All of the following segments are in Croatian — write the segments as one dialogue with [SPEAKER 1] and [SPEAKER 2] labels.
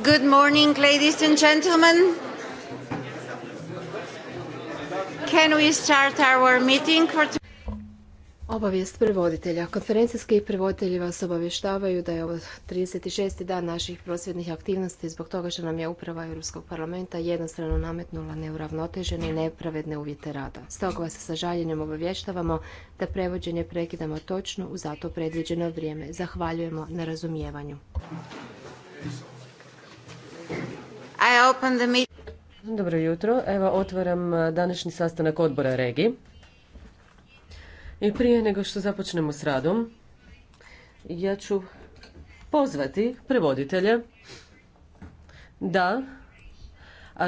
[SPEAKER 1] Good morning, ladies and gentlemen. Can we start our meeting for Obavijest prevoditelja. Konferencijski prevoditelji vas obavještavaju da je ovo 36. dan naših prosvjednih aktivnosti zbog toga što nam je uprava Europskog parlamenta jednostrano nametnula neuravnotežene i nepravedne uvjete rada. Stoga vas sa žaljenjem obavještavamo da prevođenje prekidamo točno u zato predviđeno vrijeme. Zahvaljujemo na razumijevanju.
[SPEAKER 2] Dobro jutro. Evo otvaram eh, današnji sastanak odbora Regi. I prije nego što započnemo s radom, ja ću pozvati prevoditelje da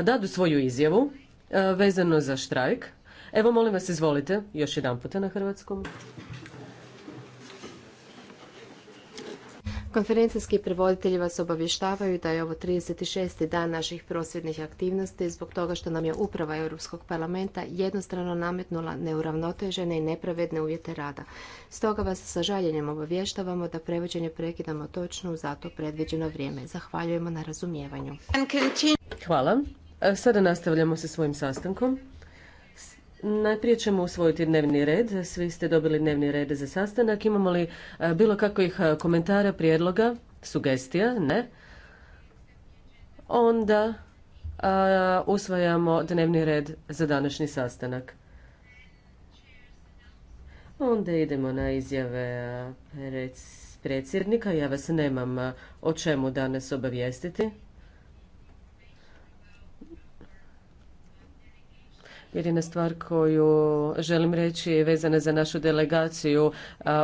[SPEAKER 2] dadu svoju izjavu eh, vezano za štrajk. Evo molim vas izvolite još jedan puta na hrvatskom.
[SPEAKER 1] Konferencijski prevoditelji vas obavještavaju da je ovo 36. dan naših prosvjednih aktivnosti zbog toga što nam je uprava Europskog parlamenta jednostrano nametnula neuravnotežene i nepravedne uvjete rada. Stoga vas sa žaljenjem obavještavamo da prevođenje prekidamo točno u zato predviđeno vrijeme. Zahvaljujemo na razumijevanju.
[SPEAKER 2] Hvala. Sada nastavljamo sa svojim sastankom. Najprije ćemo usvojiti dnevni red. Svi ste dobili dnevni red za sastanak. Imamo li e, bilo kakvih e, komentara, prijedloga, sugestija? Ne. Onda e, usvajamo dnevni red za današnji sastanak. Onda idemo na izjave predsjednika. Ja vas nemam o čemu danas obavijestiti. Jedina stvar koju želim reći je vezana za našu delegaciju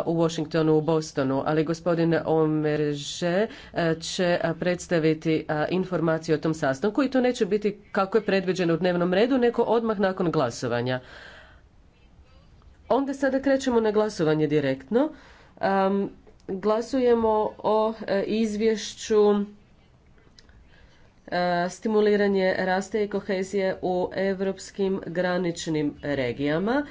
[SPEAKER 2] u Washingtonu, u Bostonu, ali gospodin Omerže će predstaviti informaciju o tom sastanku i to neće biti kako je predviđeno u dnevnom redu, neko odmah nakon glasovanja. Onda sada krećemo na glasovanje direktno. glasujemo o e, izvješću stimuliranje raste i kohezije u europskim graničnim regijama.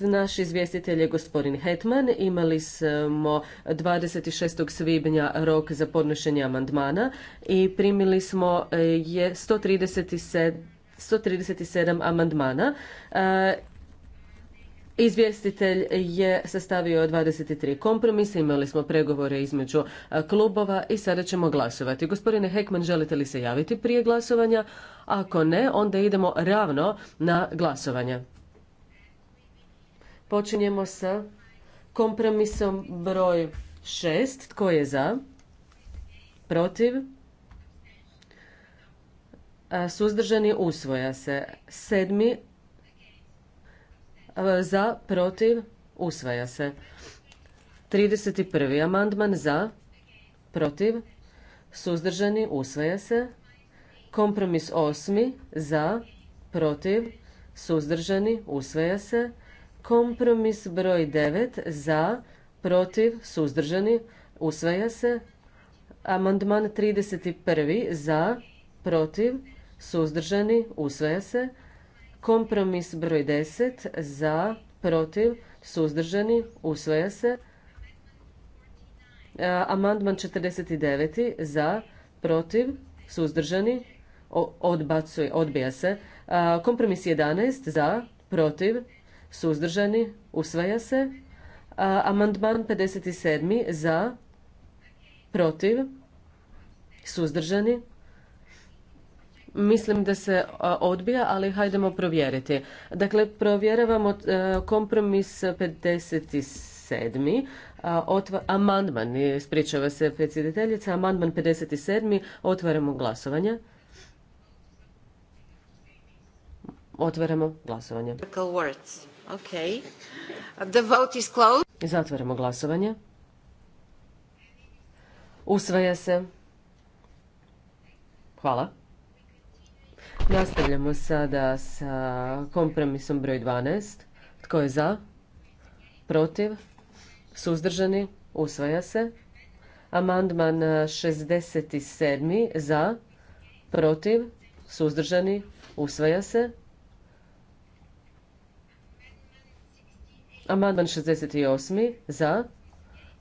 [SPEAKER 2] Naš izvjestitelj je gospodin Hetman. Imali smo 26. svibnja rok za podnošenje amandmana i primili smo eh, je 137 amandmana eh, Izvjestitelj je sastavio 23 kompromisa, imali smo pregovore između klubova i sada ćemo glasovati. Gospodine Hekman, želite li se javiti prije glasovanja? Ako ne, onda idemo ravno na glasovanje. Počinjemo sa kompromisom broj 6. Tko je za? Protiv? Suzdržani usvoja se. Sedmi E, za, protiv, usvaja se. 31. amandman za, protiv, suzdržani, usvaja se. Kompromis osmi. za, protiv, suzdržani, usvaja se. Kompromis broj devet. za, protiv, suzdržani, usvaja se. Amandman 31. za, protiv, suzdržani, usvaja se. Kompromis broj 10 za, protiv, suzdržani, usvaja se. E, amandman 49 za, protiv, suzdržani, odbacuje, odbija se. E, kompromis 11 za, protiv, suzdržani, usvaja se. E, amandman 57 za, protiv, suzdržani, Mislim da se odbija, ali hajdemo provjeriti. Dakle, provjeravamo e, kompromis 57. Otva, amandman, ispričava se predsjediteljica, amandman 57. Otvaramo glasovanje. Otvaramo glasovanje.
[SPEAKER 1] Okay. The
[SPEAKER 2] Zatvaramo glasovanje. Usvaja se. Hvala. Nastavljamo sada sa kompromisom broj 12. Tko je za? Protiv? Suzdržani? Usvaja se. Amandman 67. Za? Protiv? Suzdržani? Usvaja se. Amandman 68. Za?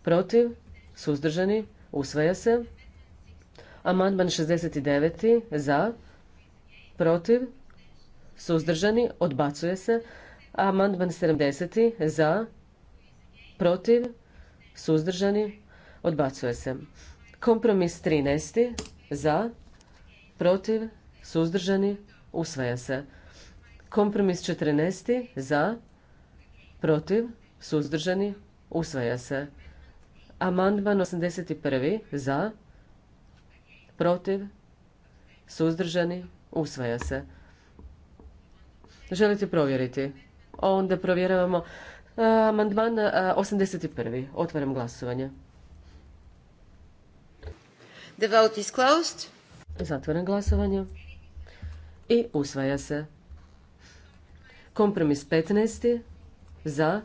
[SPEAKER 2] Protiv? Suzdržani? Usvaja se. Amandman 69. Za? protiv, suzdržani, odbacuje se. Amandman 70. za, protiv, suzdržani, odbacuje se. Kompromis 13. za, protiv, suzdržani, usvaja se. Kompromis 14. za, protiv, suzdržani, usvaja se. Amandman 81. za, protiv, suzdržani, Usvaja se. Želite provjeriti? Onda provjeravamo amandman 81. Otvaram glasovanje. The vote is closed. Zatvaram glasovanje. I usvaja se. Kompromis 15. Za.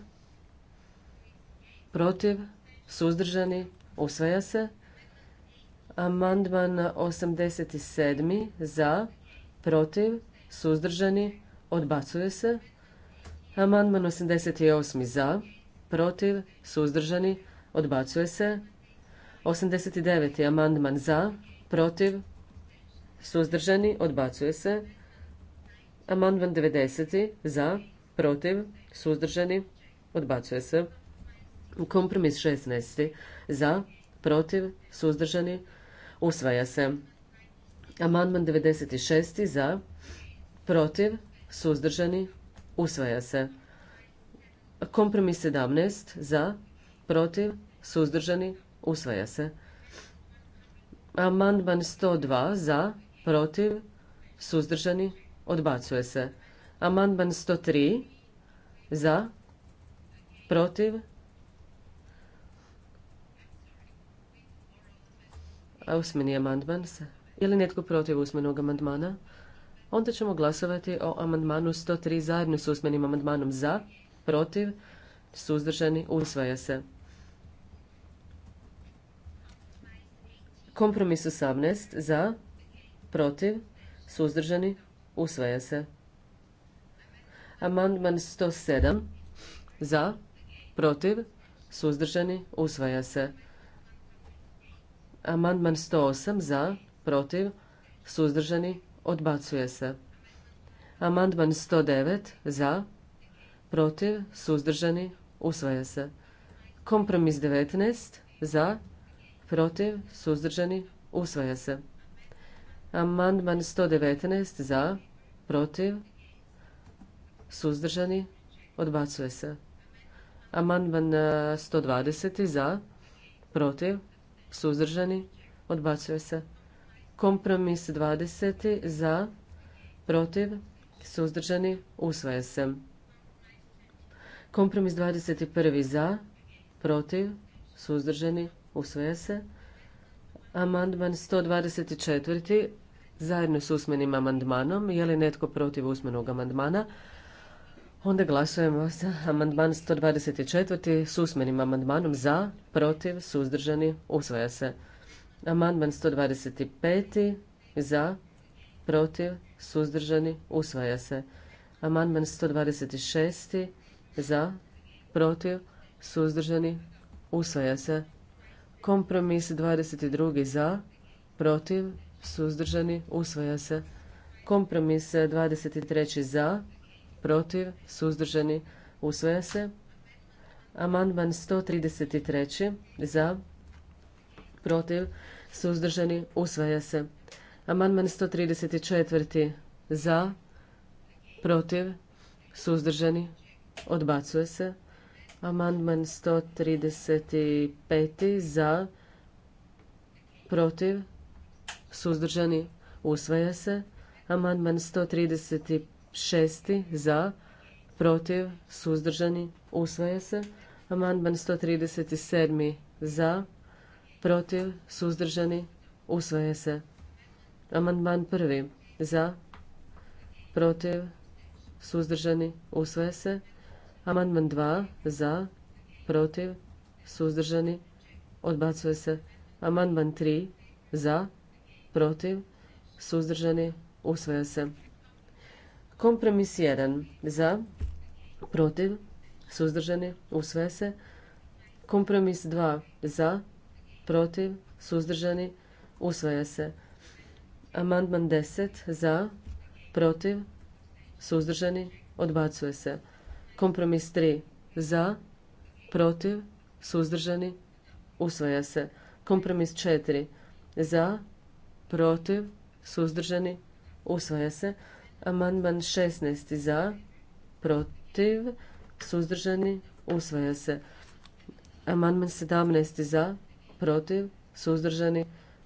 [SPEAKER 2] Protiv. Suzdržani. Usvaja se. Amandman 87. Za protiv, suzdržani, odbacuje se. Amandman 88. za, protiv, suzdržani, odbacuje se. 89. amandman za, protiv, suzdržani, odbacuje se. Amandman 90. za, protiv, suzdržani, odbacuje se. Kompromis 16. za, protiv, suzdržani, usvaja se. Amandman 96. za, protiv, suzdržani, usvaja se. Kompromis 17. za, protiv, suzdržani, usvaja se. Amandman 102. za, protiv, suzdržani, odbacuje se. Amandman 103. za, protiv, usmeni amandman se. Je li netko protiv usmenog amandmana? Onda ćemo glasovati o amandmanu 103 zajedno s usmenim amandmanom za, protiv, suzdržani, usvaja se. Kompromis 18 za, protiv, suzdržani, usvaja se. Amandman 107 za, protiv, suzdržani, usvaja se. Amandman 108 za, protiv, suzdržani, odbacuje se. Amandman 109 za, protiv, suzdržani, usvaja se. Kompromis 19 za, protiv, suzdržani, usvaja se. Amandman 119 za, protiv, suzdržani, odbacuje se. Amandman 120 e, za, protiv, suzdržani, odbacuje se. Kompromis 20. za, protiv, suzdržani, usvaja se. Kompromis 21. za, protiv, suzdržani, usvaja se. Amandman 124. zajedno s usmenim amandmanom. Je li netko protiv usmenog amandmana? Onda glasujemo za amandman 124. s usmenim amandmanom za, protiv, suzdržani, usvaja se. Amandman 125. za, protiv, suzdržani, usvaja se. Amandman 126. za, protiv, suzdržani, usvaja se. Kompromis 22. za, protiv, suzdržani, usvaja se. Kompromis 23. za, protiv, suzdržani, usvaja se. Amandman 133. za, protiv, suzdržani, usvaja se. Amandman 134. za, protiv, suzdržani, odbacuje se. Amandman 135. za, protiv, suzdržani, usvaja se. Amandman 136. za, protiv, suzdržani, usvaja se. Amandman 137. za, protiv, suzdržani, usvaja se. Amandman prvi, za, protiv, suzdržani, usvaja se. Amandman dva, za, protiv, suzdržani, odbacuje se. Amandman tri, za, protiv, suzdržani, usvaja se. Kompromis 1. Za, protiv, suzdržani, usvaja se. Kompromis 2. Za, protiv, suzdržani, usvaja se. Amandman 10 za, protiv, suzdržani, odbacuje se. Kompromis 3 za, protiv, suzdržani, usvaja se. Kompromis 4 za, protiv, suzdržani, usvaja se. Amandman 16 za, protiv, suzdržani, usvaja se. Amandman 17 za, protiv, suzdržani,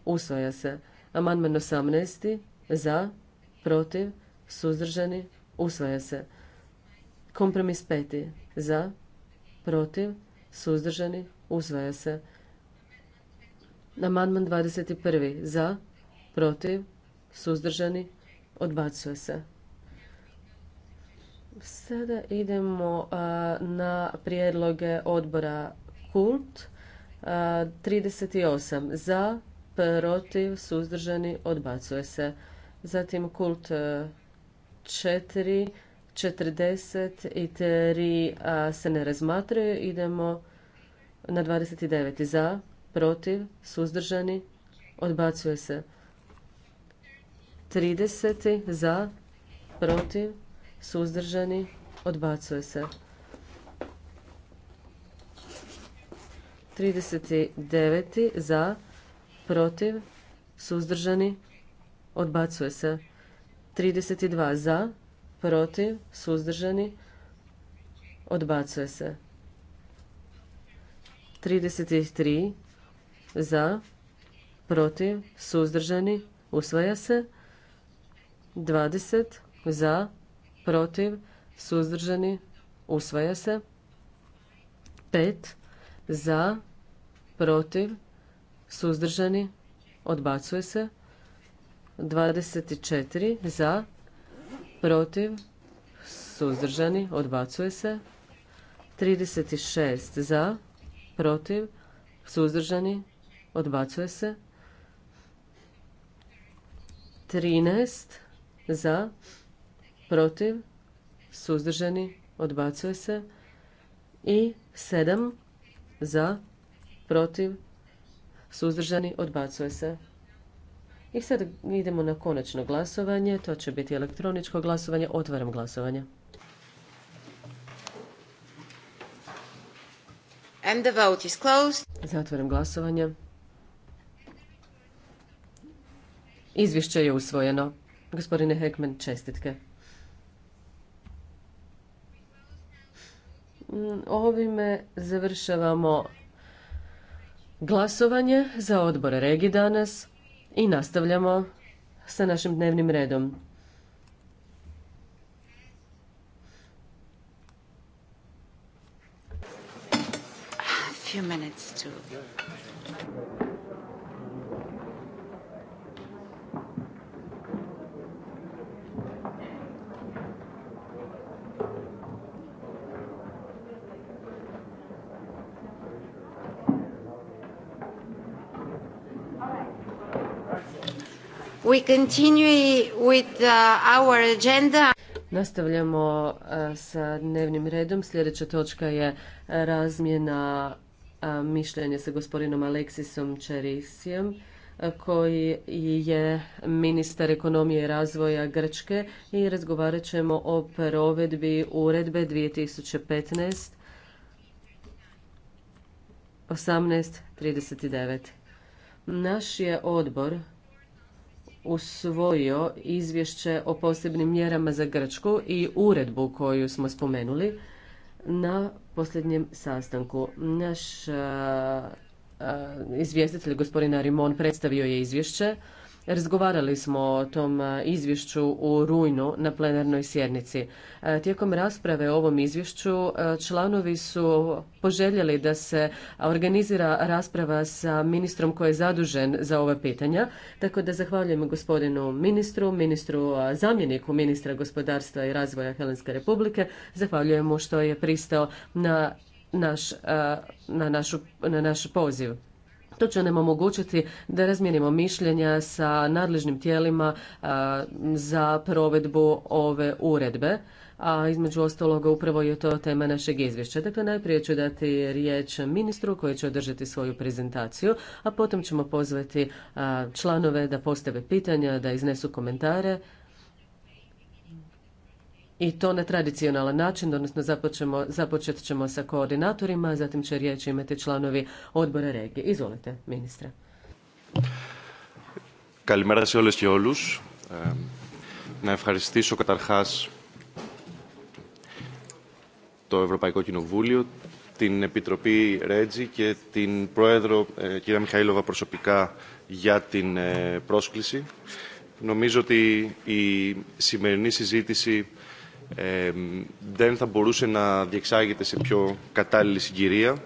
[SPEAKER 2] usvaja se. Amandman 18. za, protiv, suzdržani, usvaja se. Kompromis peti za, protiv, suzdržani, usvaja se. Amandman 21. za, protiv, suzdržani, odbacuje se. Sada idemo na prijedloge odbora Kult. 38 za, protiv, suzdržani, odbacuje se. Zatim kult 4, e, 40 i 3 se ne razmatraju. Idemo na 29 za, protiv, suzdržani, odbacuje se. 30 za, protiv, suzdržani, odbacuje se. 39. za, protiv, suzdržani, odbacuje se. 32. za, protiv, suzdržani, odbacuje se. 33. za, protiv, suzdržani, usvaja se. 20. za, protiv, suzdržani, usvaja se. 5 za, protiv, suzdržani, odbacuje se. 24 za, protiv, suzdržani, odbacuje se. 36 za, protiv, suzdržani, odbacuje se. 13 za, protiv, suzdržani, odbacuje se. I 7 za, protiv, suzdržani, odbacuje se. I sad idemo na konačno glasovanje, to će biti elektroničko glasovanje, otvaram glasovanje.
[SPEAKER 1] And the vote is closed.
[SPEAKER 2] Zatvaram glasovanje. Izvješće je usvojeno. Gospodine Heckman, čestitke. Mm, ovime završavamo glasovanje za odbor regije danas i nastavljamo sa našim dnevnim redom.
[SPEAKER 1] We continue with uh, our agenda. Nastavljamo uh, sa
[SPEAKER 2] dnevnim redom. Sljedeća točka je uh, razmjena mišljenja sa gospodinom Aleksisom Čerisijem koji je ministar ekonomije i razvoja Grčke i razgovarat ćemo o provedbi uredbe 2015 18.39. Naš je odbor usvojio izvješće o posebnim mjerama za Grčku i uredbu koju smo spomenuli na posljednjem sastanku. Naš izvjestitelj gospodin Arimon predstavio je izvješće Razgovarali smo o tom izvješću u rujnu na plenarnoj sjednici. Tijekom rasprave o ovom izvješću članovi su poželjeli da se organizira rasprava sa ministrom koji je zadužen za ova pitanja. Tako da zahvaljujem gospodinu ministru, ministru zamjeniku ministra gospodarstva i razvoja Helenske republike. Zahvaljujem mu što je pristao na naš, našu, na naš poziv. To će nam omogućiti da razmijenimo mišljenja sa nadležnim tijelima za provedbu ove uredbe, a između ostaloga upravo je to tema našeg izvješća. Dakle, najprije ću dati riječ ministru koji će održati svoju prezentaciju, a potom ćemo pozvati članove da postave pitanja, da iznesu komentare, i to na tradicionalan način, odnosno započemo, započet ćemo sa koordinatorima, zatim će riječ imati članovi odbora regije. Izvolite, ministra.
[SPEAKER 3] Kalimera se όλες και όλους. Να ευχαριστήσω καταρχάς το Ευρωπαϊκό Κοινοβούλιο, την Επιτροπή Ρέτζη και την Πρόεδρο κυρία Μιχαήλωβα προσωπικά για την πρόσκληση. Νομίζω ότι η σημερινή συζήτηση ε, δεν θα μπορούσε να διεξάγεται σε πιο κατάλληλη συγκυρία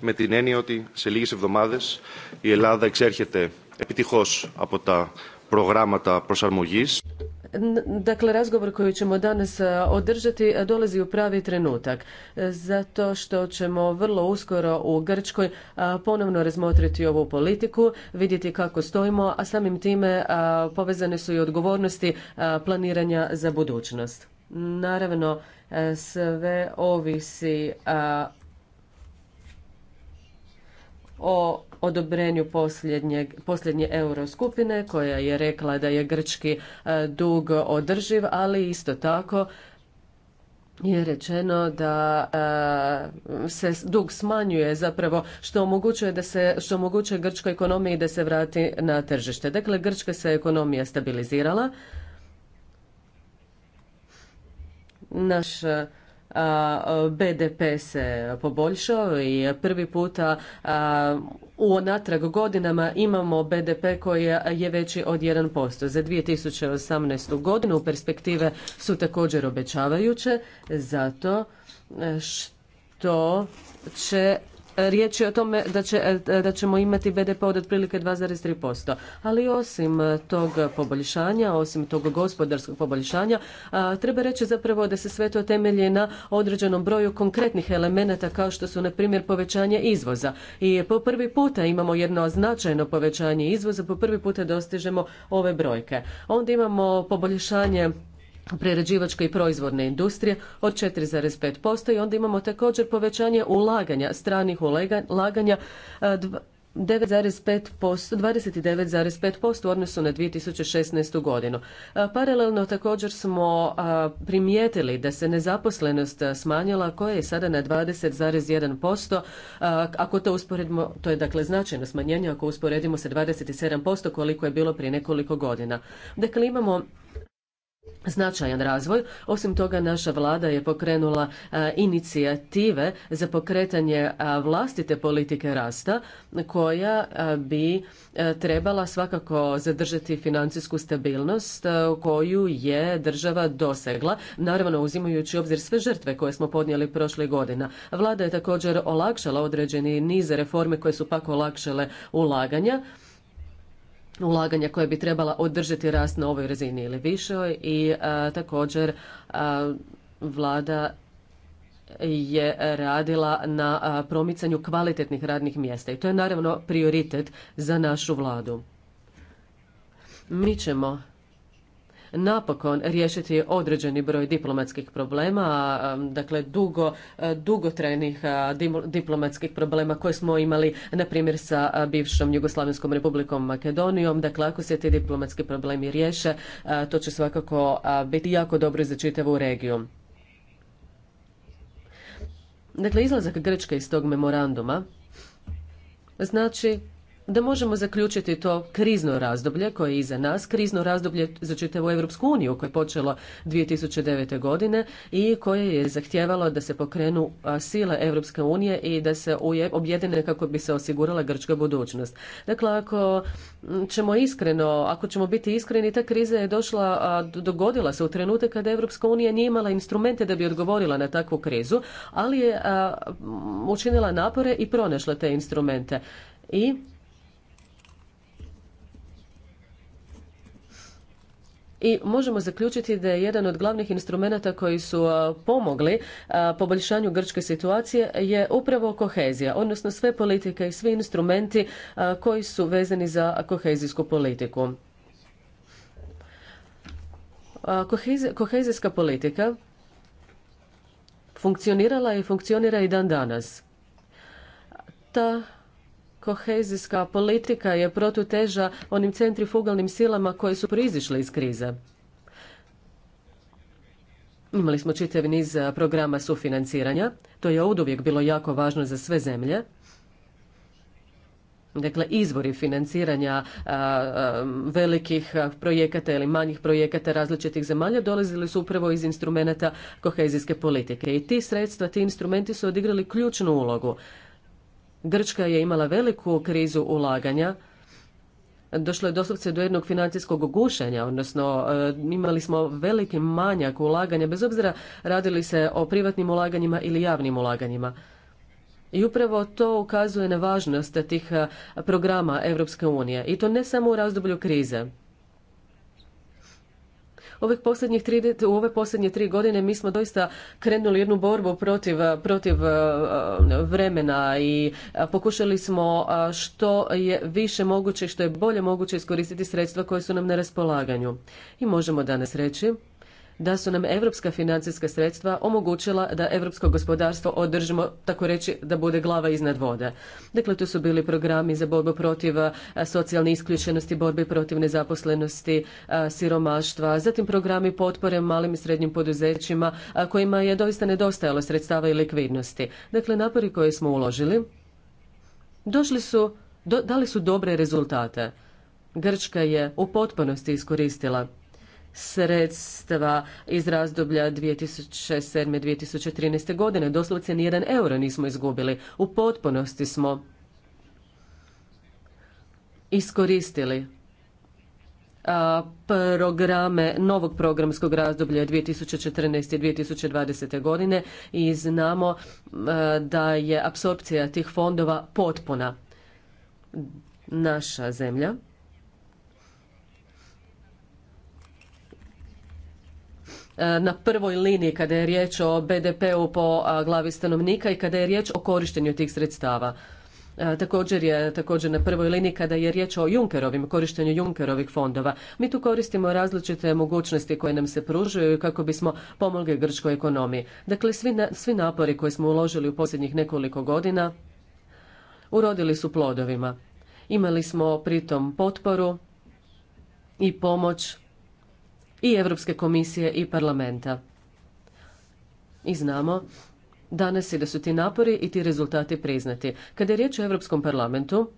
[SPEAKER 3] με την έννοια ότι σε λίγες εβδομάδες η Ελλάδα εξέρχεται επιτυχώς από τα programa προσαρμογής.
[SPEAKER 2] Dakle, razgovor koji ćemo danas održati dolazi u pravi trenutak, zato što ćemo vrlo uskoro u Grčkoj ponovno razmotriti ovu politiku, vidjeti kako stojimo, a samim time e, povezane su i odgovornosti e, planiranja za budućnost. Naravno, e, sve ovisi o odobrenju posljednje euroskupine koja je rekla da je grčki e, dug održiv, ali isto tako je rečeno da e, se dug smanjuje zapravo što omogućuje da se što omogućuje grčkoj ekonomiji da se vrati na tržište. Dakle, grčka se ekonomija stabilizirala naš BDP se poboljšao i prvi puta u natrag godinama imamo BDP koji je veći od 1%. Za 2018. godinu perspektive su također obećavajuće zato što će Riječ je o tome da, će, da ćemo imati BDP od otprilike 2,3%. Ali osim tog poboljšanja, osim tog gospodarskog poboljšanja, treba reći zapravo da se sve to temelji na određenom broju konkretnih elemenata kao što su na primjer povećanje izvoza. I po prvi puta imamo jedno značajno povećanje izvoza, po prvi puta dostižemo ove brojke. Onda imamo poboljšanje prerađivačke i proizvodne industrije od 4,5% i onda imamo također povećanje ulaganja, stranih ulaganja 29,5% u odnosu na 2016. godinu. Paralelno također smo primijetili da se nezaposlenost smanjila koja je sada na 20,1%. Ako to usporedimo, to je dakle značajno smanjenje ako usporedimo sa 27% koliko je bilo prije nekoliko godina. Dakle, imamo značajan razvoj. Osim toga, naša vlada je pokrenula e, inicijative za pokretanje e, vlastite politike rasta koja e, bi trebala svakako zadržati financijsku stabilnost koju je država dosegla, naravno uzimajući u obzir sve žrtve koje smo podnijeli prošle godina. Vlada je također olakšala određeni niz reforme koje su pak olakšale ulaganja ulaganja koje bi trebala održati rast na ovoj razini ili višoj i e, također e, vlada je radila na e, promicanju kvalitetnih radnih mjesta i to je naravno prioritet za našu vladu. Mi ćemo napokon riješiti određeni broj diplomatskih problema, dakle dugo, dugotrajnih diplomatskih problema koje smo imali, na primjer, sa bivšom Jugoslavenskom republikom Makedonijom. Dakle, ako se ti diplomatski problemi riješe, to će svakako biti jako dobro za čitavu regiju. Dakle, izlazak Grčke iz tog memoranduma znači da možemo zaključiti to krizno razdoblje koje je iza nas, krizno razdoblje za čitavu Europsku uniju koje je počelo 2009. godine i koje je zahtjevalo da se pokrenu sile Europske unije i da se objedine kako bi se osigurala grčka budućnost. Dakle, ako ćemo iskreno, ako ćemo biti iskreni, ta kriza je došla, dogodila se u trenutak kada Europska unija nije imala instrumente da bi odgovorila na takvu krizu, ali je učinila napore i pronašla te instrumente. I i možemo zaključiti da je jedan od glavnih instrumenata koji su pomogli poboljšanju grčke situacije je upravo kohezija, odnosno sve politike i svi instrumenti koji su vezani za kohezijsku politiku. Kohezijska politika funkcionirala je i funkcionira i dan danas. Ta kohezijska politika je protuteža onim centrifugalnim silama koje su proizišle iz krize. Imali smo čitav niz programa sufinanciranja, to je oduvijek bilo jako važno za sve zemlje. Dakle, izvori financiranja velikih projekata ili manjih projekata različitih zemalja dolazili su upravo iz instrumenata kohezijske politike. I ti sredstva, ti instrumenti su odigrali ključnu ulogu. Grčka je imala veliku krizu ulaganja. Došlo je doslovce do jednog financijskog gušenja, odnosno e, imali smo veliki manjak ulaganja, bez obzira radili se o privatnim ulaganjima ili javnim ulaganjima. I upravo to ukazuje na važnost tih e, programa Europske unije i to ne samo u razdoblju krize. Ovih posljednjih u ove posljednje tri godine mi smo doista krenuli jednu borbu protiv, protiv e, vremena i e, pokušali smo e, što je više moguće i što je bolje moguće iskoristiti sredstva koja su nam na raspolaganju. I možemo danas reći da su nam europska financijska sredstva omogućila da europsko gospodarstvo održimo, tako reći, da bude glava iznad vode. Dakle, tu su bili programi za borbu protiv socijalne isključenosti, borbe protiv nezaposlenosti, siromaštva, zatim programi potpore malim i srednjim poduzećima kojima je doista nedostajalo sredstava i likvidnosti. Dakle, napori koje smo uložili došli su, dali su dobre rezultate. Grčka je u potpunosti iskoristila sredstva iz razdoblja 2007. 2013. godine. Doslovce ni jedan euro nismo izgubili. U potpunosti smo iskoristili programe novog programskog razdoblja 2014. i 2020. godine i znamo da je apsorpcija tih fondova potpuna. Naša zemlja E, na prvoj liniji kada je riječ o BDP-u po glavi stanovnika i kada je riječ o korištenju tih sredstava. E, također je također na prvoj liniji kada je riječ o Junkerovim, korištenju Junkerovih fondova. Mi tu koristimo različite mogućnosti koje nam se pružaju kako bismo pomogli grčkoj ekonomiji. Dakle, svi, svi napori koje smo uložili u posljednjih nekoliko godina urodili su plodovima. Imali smo pritom potporu i pomoć i Europske komisije i parlamenta. I znamo danas je da su ti napori i ti rezultati priznati. Kada je riječ o Europskom parlamentu,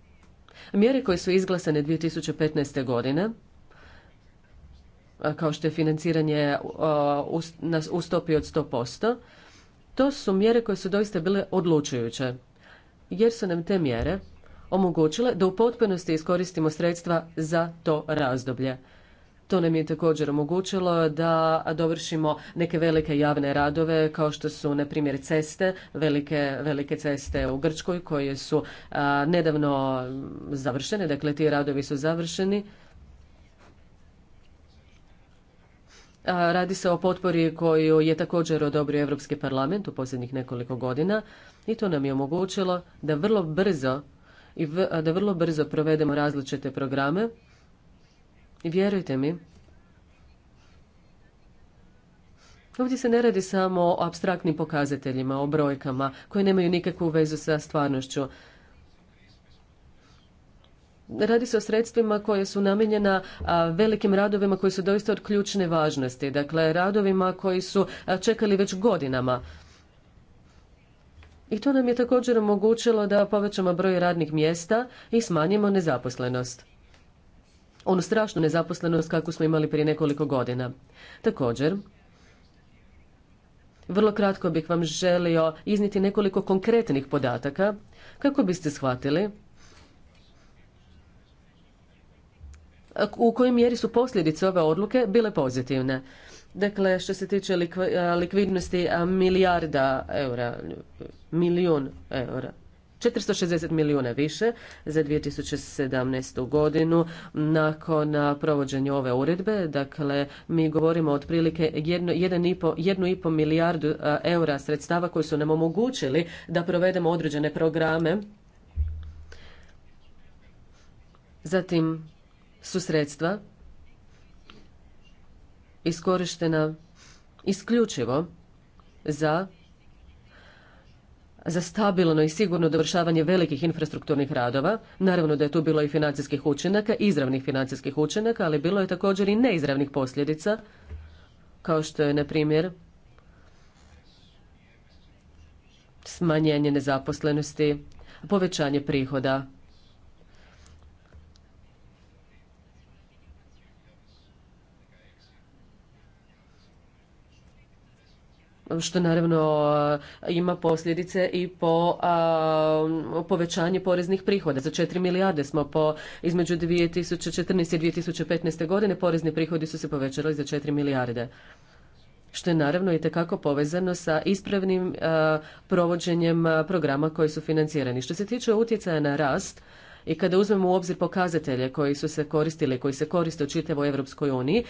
[SPEAKER 2] mjere koje su izglasane 2015. godine, kao što je financiranje u stopi od 100%, to su mjere koje su doista bile odlučujuće, jer su nam te mjere omogućile da u potpunosti iskoristimo sredstva za to razdoblje. To nam je također omogućilo da dovršimo neke velike javne radove kao što su na primjer ceste, velike, velike ceste u Grčkoj koje su nedavno završene, dakle ti radovi su završeni. radi se o potpori koju je također odobrio Europski parlament u posljednjih nekoliko godina i to nam je omogućilo da vrlo brzo i da vrlo brzo provedemo različite programe i vjerujte mi, Ovdje se ne radi samo o abstraktnim pokazateljima, o brojkama koje nemaju nikakvu vezu sa stvarnošću. Radi se o sredstvima koje su namijenjena velikim radovima koji su doista od ključne važnosti, dakle radovima koji su čekali već godinama. I to nam je također omogućilo da povećamo broj radnih mjesta i smanjimo nezaposlenost onu strašnu nezaposlenost kakvu smo imali prije nekoliko godina. Također, vrlo kratko bih vam želio izniti nekoliko konkretnih podataka kako biste shvatili u kojoj mjeri su posljedice ove odluke bile pozitivne. Dakle, što se tiče likvidnosti milijarda eura, milijun eura. 460 milijuna više za 2017. godinu nakon provođenja ove uredbe. Dakle, mi govorimo otprilike 1,5 milijardu eura sredstava koji su nam omogućili da provedemo određene programe. Zatim su sredstva iskorištena isključivo za za stabilno i sigurno dovršavanje velikih infrastrukturnih radova. Naravno da je tu bilo i financijskih učinaka, izravnih financijskih učinaka, ali bilo je također i neizravnih posljedica, kao što je, na primjer, smanjenje nezaposlenosti, povećanje prihoda što naravno e, ima posljedice i po povećanje poreznih prihoda. Za 4 milijarde smo po između 2014. i 2015. godine porezni prihodi su se povećali za 4 milijarde što je naravno i tekako povezano sa ispravnim e, provođenjem programa koji su financirani. Što se tiče utjecaja na rast, i kada uzmemo u obzir pokazatelje koji su se koristili, koji se koriste u čitavoj Europskoj uniji,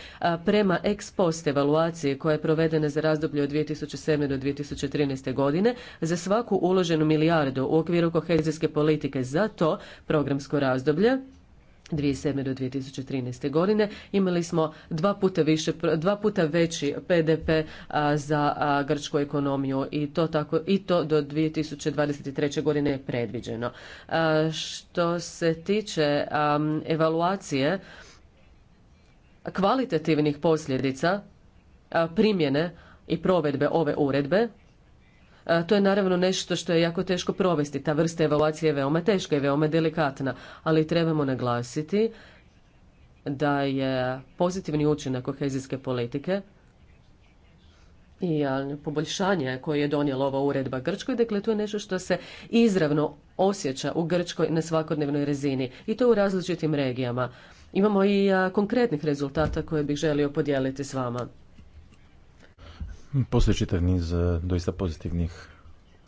[SPEAKER 2] prema ex post evaluacije koja je provedena za razdoblje od 2007. do 2013. godine, za svaku uloženu milijardu u okviru kohezijske politike za to programsko razdoblje, 2007. do 2013. godine imali smo dva puta, više, dva puta veći PDP za grčku ekonomiju i to, tako, i to do 2023. godine je predviđeno. Što se tiče evaluacije kvalitativnih posljedica primjene i provedbe ove uredbe, to je naravno nešto što je jako teško provesti. Ta vrsta evaluacije je veoma teška i veoma delikatna, ali trebamo naglasiti da je pozitivni učinak kohezijske politike i poboljšanje koje je donijela ova uredba Grčkoj, dakle to je nešto što se izravno osjeća u Grčkoj na svakodnevnoj rezini i to u različitim regijama. Imamo i konkretnih rezultata koje bih želio podijeliti s vama.
[SPEAKER 3] Postoji čitav niz e, doista pozitivnih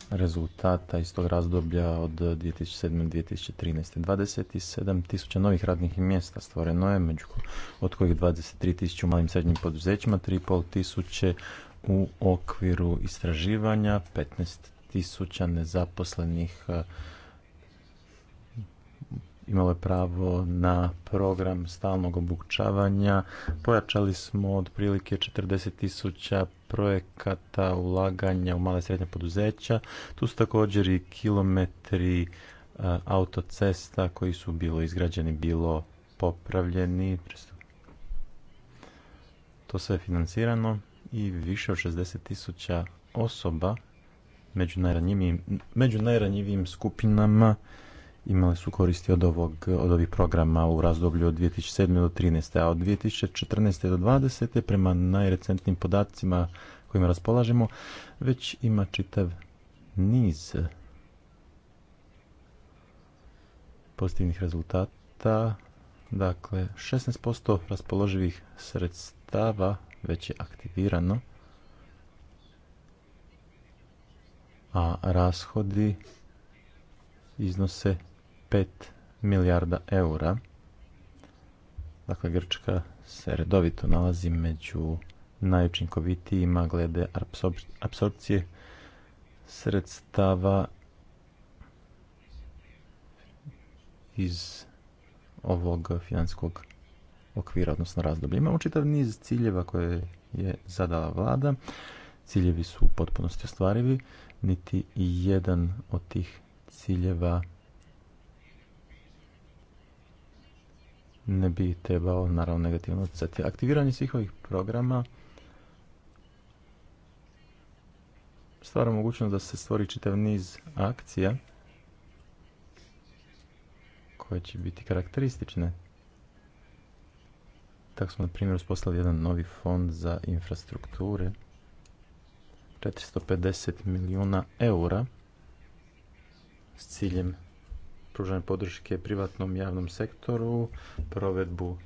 [SPEAKER 3] rezultata iz tog razdoblja od 2007. do 2013. 27 tisuća novih radnih mjesta stvoreno je, među od kojih 23.000 u malim srednjim poduzećima, 3,5 tisuće u okviru istraživanja, 15.000 tisuća nezaposlenih e, imalo je pravo na program stalnog obučavanja. Pojačali smo otprilike 40 tisuća projekata ulaganja u male i srednje poduzeća. Tu su također i kilometri e, autocesta koji su bilo izgrađeni, bilo popravljeni. To sve je financirano i više od 60 tisuća osoba među najranjivijim, među najranjivijim skupinama imale su koristi od, ovog, od ovih programa u razdoblju od 2007. do 2013. a od 2014. do 2020. prema najrecentnim podacima kojima raspolažemo već ima čitav niz pozitivnih rezultata. Dakle, 16% raspoloživih sredstava već je aktivirano, a rashodi iznose 5 milijarda eura. Dakle, Grčka se redovito nalazi među najučinkovitijima glede apsorpcije sredstava iz ovog financijskog okvira, odnosno razdoblja. Imamo čitav niz ciljeva koje je zadala vlada. Ciljevi su u potpunosti ostvarivi. Niti jedan od tih ciljeva ne bi trebalo naravno negativno utjecati. Aktiviranje svih ovih programa stvara mogućnost da se stvori čitav niz akcija koje će biti karakteristične. Tako smo, na primjer, uspostavili jedan novi fond za infrastrukture. 450 milijuna eura s ciljem pružanje podrške privatnom javnom sektoru, provedbu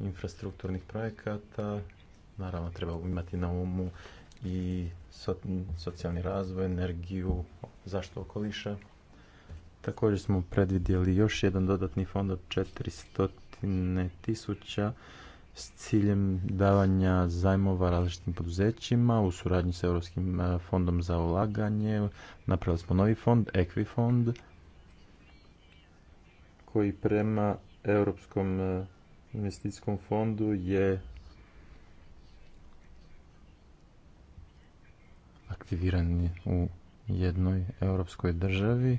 [SPEAKER 3] infrastrukturnih projekata, naravno treba imati na umu i socijalni razvoj, energiju, zašto okoliša. Također smo predvidjeli još jedan dodatni fond od 400 tisuća s ciljem davanja zajmova različitim poduzećima u suradnji s Europskim e, fondom za ulaganje. Napravili smo novi fond, Equifond, koji prema Europskom e, investicijskom fondu je aktiviran u jednoj europskoj državi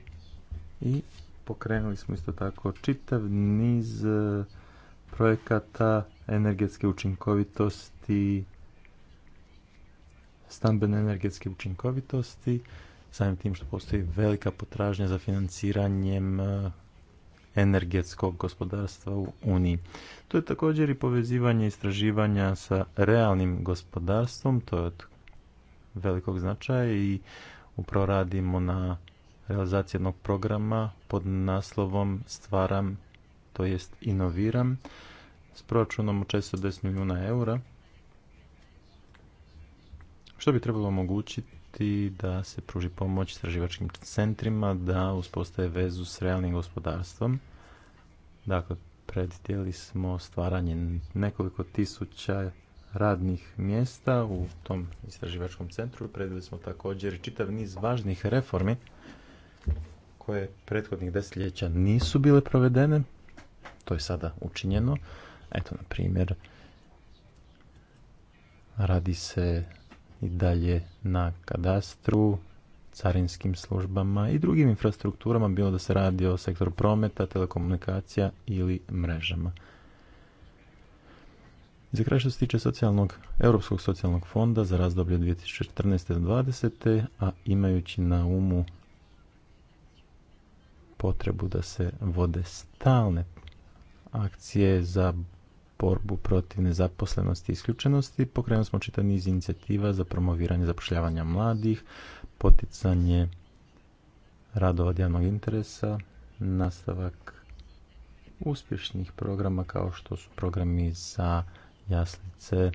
[SPEAKER 3] i pokrenuli smo isto tako čitav niz e, projekata energetske učinkovitosti, stambene energetske učinkovitosti, samim tim što postoji velika potražnja za financiranjem e, energetskog gospodarstva u Uniji. To je također i povezivanje istraživanja sa realnim gospodarstvom, to je od velikog značaja i upravo radimo na realizaciji jednog programa pod naslovom Stvaram, to jest inoviram, s proračunom od deset milijuna eura, što bi trebalo omogućiti da se pruži pomoć istraživačkim centrima da uspostave vezu s realnim gospodarstvom. Dakle, predvidjeli smo stvaranje nekoliko tisuća radnih mjesta u tom istraživačkom centru. Predvidjeli smo također čitav niz važnih reformi koje prethodnih desetljeća nisu bile provedene. To je sada učinjeno. Eto, na primjer, radi se i dalje na kadastru, carinskim službama i drugim infrastrukturama, bilo da se radi o sektoru prometa, telekomunikacija ili mrežama. I za kraj što se tiče socijalnog, Europskog socijalnog fonda za razdoblje 2014. do 2020. a imajući na umu potrebu da se vode stalne akcije za borbu protiv nezaposlenosti i isključenosti pokrenuli smo čitav niz inicijativa za promoviranje zapošljavanja mladih, poticanje radova od javnog interesa, nastavak uspješnih programa kao što su programi za jaslice,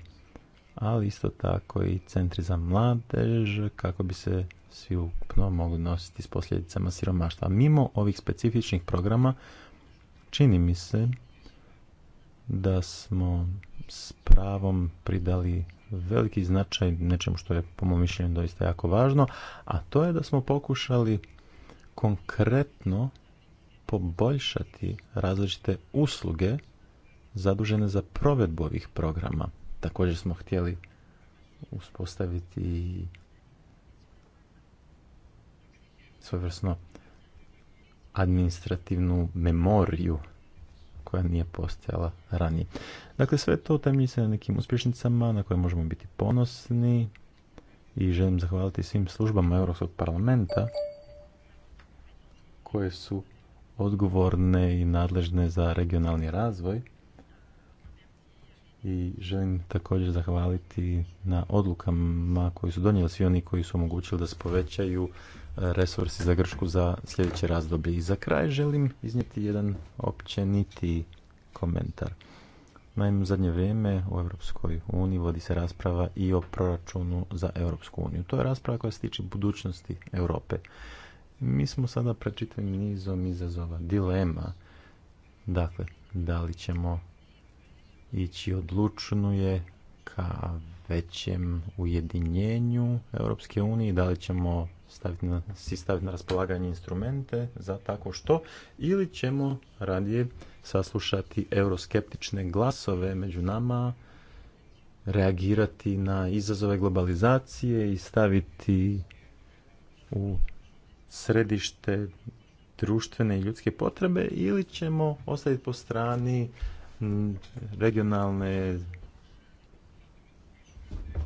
[SPEAKER 3] ali isto tako i centri za mladež kako bi se svi ukupno mogli nositi s posljedicama siromaštva. Mimo ovih specifičnih programa čini mi se da smo s pravom pridali veliki značaj nečemu što je po mom mišljenju doista jako važno, a to je da smo pokušali konkretno poboljšati različite usluge zadužene za provedbu ovih programa. Također smo htjeli uspostaviti svojvrsno administrativnu memoriju koja nije postojala ranije. Dakle, sve to temelji se na nekim uspješnicama na koje možemo biti ponosni i želim zahvaliti svim službama Europskog parlamenta koje su odgovorne i nadležne za regionalni razvoj i želim također zahvaliti na odlukama koji su donijeli svi oni koji su omogućili da se povećaju resursi za Grčku za sljedeće razdoblje. I za kraj želim iznijeti jedan općeniti komentar. Naime, u zadnje vrijeme u Europskoj uniji vodi se rasprava i o proračunu za Europsku uniju. To je rasprava koja se tiče budućnosti Europe. Mi smo sada pred nizom izazova, dilema. Dakle, da li ćemo ići odlučnuje ka većem ujedinjenju Europske unije, da li ćemo staviti na, si staviti na raspolaganje instrumente za tako što ili ćemo radije saslušati euroskeptične glasove među nama, reagirati na izazove globalizacije i staviti u središte društvene i ljudske potrebe ili ćemo ostaviti po strani regionalne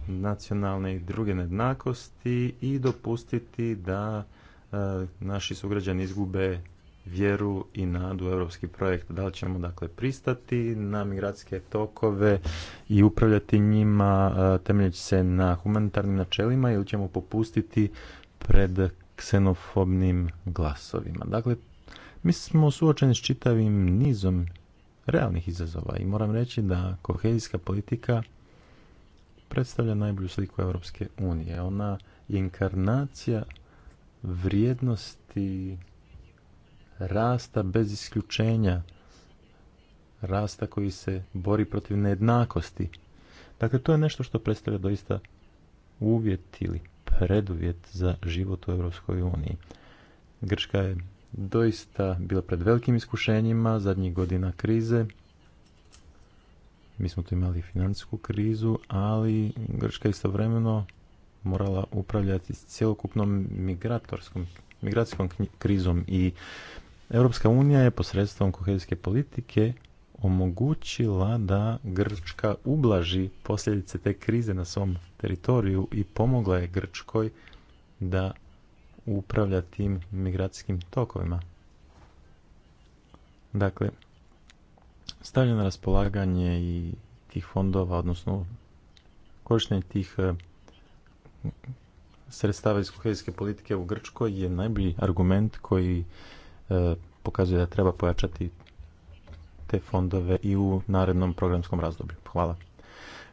[SPEAKER 3] nacionalne i druge nejednakosti i dopustiti da e, naši sugrađani izgube vjeru i nadu u europski projekt. Da li ćemo dakle pristati na migracijske tokove i upravljati njima e, temeljeći se na humanitarnim načelima ili ćemo popustiti pred ksenofobnim glasovima. Dakle, mi smo suočeni s čitavim nizom realnih izazova i moram reći da kohezijska politika predstavlja najbolju sliku Europske unije. Ona je inkarnacija vrijednosti rasta bez isključenja, rasta koji se bori protiv nejednakosti. Dakle, to je nešto što predstavlja doista uvjet ili preduvjet za život u Europskoj uniji. Grčka je doista bila pred velikim iskušenjima zadnjih godina krize, mi smo tu imali financijsku krizu, ali Grčka istovremeno morala upravljati s cjelokupnom migratorskom, migracijskom krizom i Europska unija je posredstvom kohezijske politike omogućila da Grčka ublaži posljedice te krize na svom teritoriju i pomogla je Grčkoj da upravlja tim migracijskim tokovima. Dakle, Stavljeno na raspolaganje i tih fondova, odnosno korištenje tih e, sredstava iz kohezijske politike u Grčkoj je najbolji argument koji e, pokazuje da treba pojačati te fondove i u narednom programskom razdoblju. Hvala.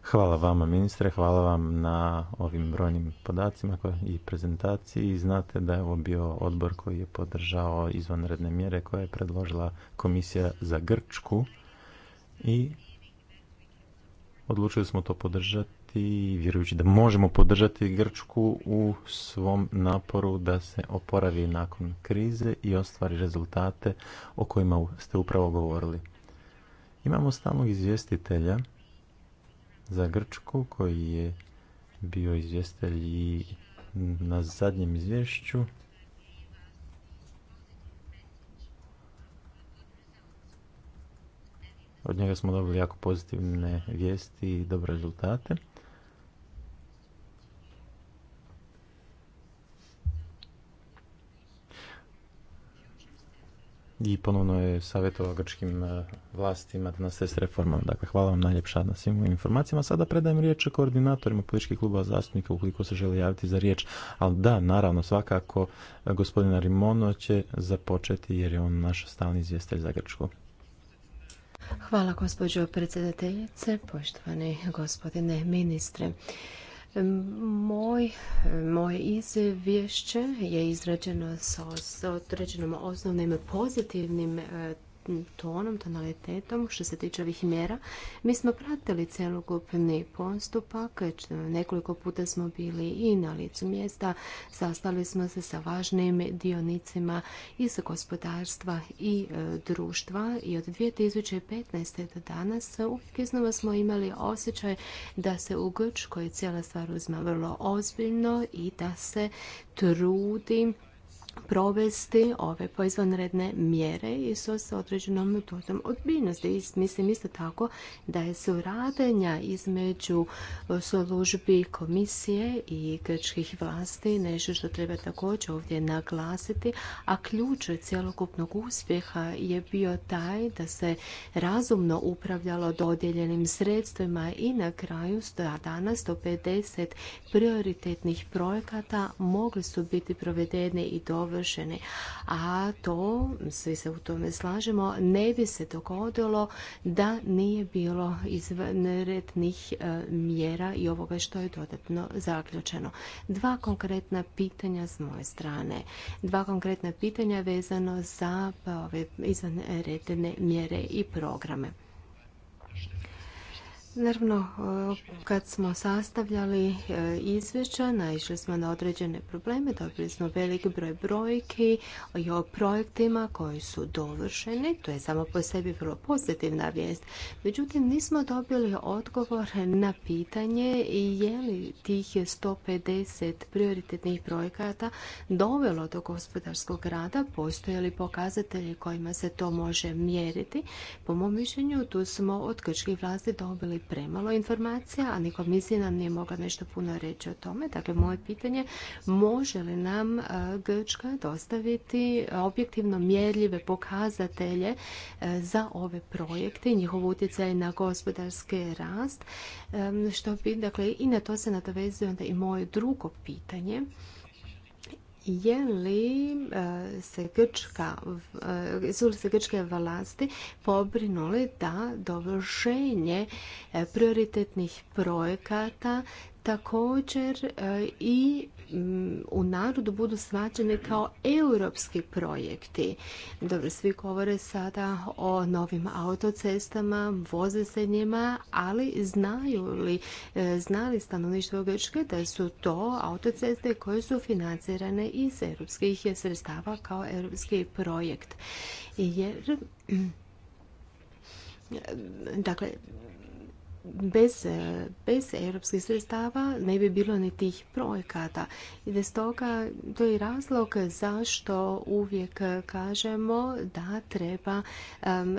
[SPEAKER 3] Hvala vama ministre, hvala vam na ovim brojnim podacima i prezentaciji. Znate da je ovo bio odbor koji je podržao izvanredne mjere koje je predložila komisija za Grčku i odlučili smo to podržati vjerujući da možemo podržati Grčku u svom naporu da se oporavi nakon krize i ostvari rezultate o kojima ste upravo govorili. Imamo stalnog izvjestitelja za Grčku koji je bio izvjestitelj i na zadnjem izvješću Od njega smo dobili jako pozitivne vijesti i dobre rezultate. i ponovno je savjetovao grčkim e, vlastima da s reformama. Dakle, hvala vam najljepša na svim informacijama. Sada predajem riječ koordinatorima političkih kluba zastupnika ukoliko se želi javiti za riječ. Ali da, naravno, svakako gospodina Rimono će započeti jer je on naš stalni izvjestelj za Grčku.
[SPEAKER 1] Hvala gospođo predsjedateljice, poštovani gospodine ministre. moje izvješće je izrađeno sa određenim osnovnim pozitivnim e, tonom, tonalitetom što se tiče ovih mjera. Mi smo pratili celokupni postupak, nekoliko puta smo bili i na licu mjesta, sastali smo se sa važnim dionicima iz gospodarstva i e, društva i od 2015. do danas uvijek iznova smo imali osjećaj da se u Grčkoj cijela stvar uzma vrlo ozbiljno i da se trudi provesti ove poizvanredne mjere i su s određenom dozom odbiljnosti. mislim isto tako da je suradnja između e, službi komisije i grčkih vlasti nešto što treba također ovdje naglasiti, a ključ cjelokupnog uspjeha je bio taj da se razumno upravljalo dodijeljenim sredstvima i na kraju stoja danas 150 prioritetnih projekata mogli su biti provedeni i do dovršeni. A to, svi se u tome slažemo, ne bi se dogodilo da nije bilo izvanrednih e, mjera i ovoga što je dodatno zaključeno. Dva konkretna pitanja s moje strane. Dva konkretna pitanja vezano za pa, ove izvanredne mjere i programe. Naravno, e, kad smo sastavljali e, izvješća, naišli smo na određene probleme, dobili smo veliki broj brojki i o projektima koji su dovršeni, to je samo po sebi vrlo pozitivna vijest. Međutim, nismo dobili odgovor na pitanje je li tih 150 prioritetnih projekata dovelo do gospodarskog rada, postoje li pokazatelji kojima se to može mjeriti. Po mom mišljenju, tu smo od grčkih vlasti dobili premalo informacija, a ni komisija nam nije mogla nešto puno reći o tome. Dakle, moje pitanje, može li nam e, Grčka dostaviti e, objektivno mjerljive pokazatelje e, za ove projekte i njihov utjecaj na gospodarski rast, što dakle, i na to se nadovezuje onda i moje drugo pitanje je li e, se Grčka, e, su li se grčke vlasti pobrinuli da dovršenje e, prioritetnih projekata također i u narodu budu svađene kao europski projekti. Dobro, svi govore sada o novim autocestama, voze se njima, ali znaju li, e, znali stanovništvo Grčke da su to autoceste koje su financirane iz europskih sredstava kao europski projekt. Jer Dakle, bez, europskih sredstava ne bi bilo ni tih projekata. I stoga to je razlog zašto uvijek kažemo da treba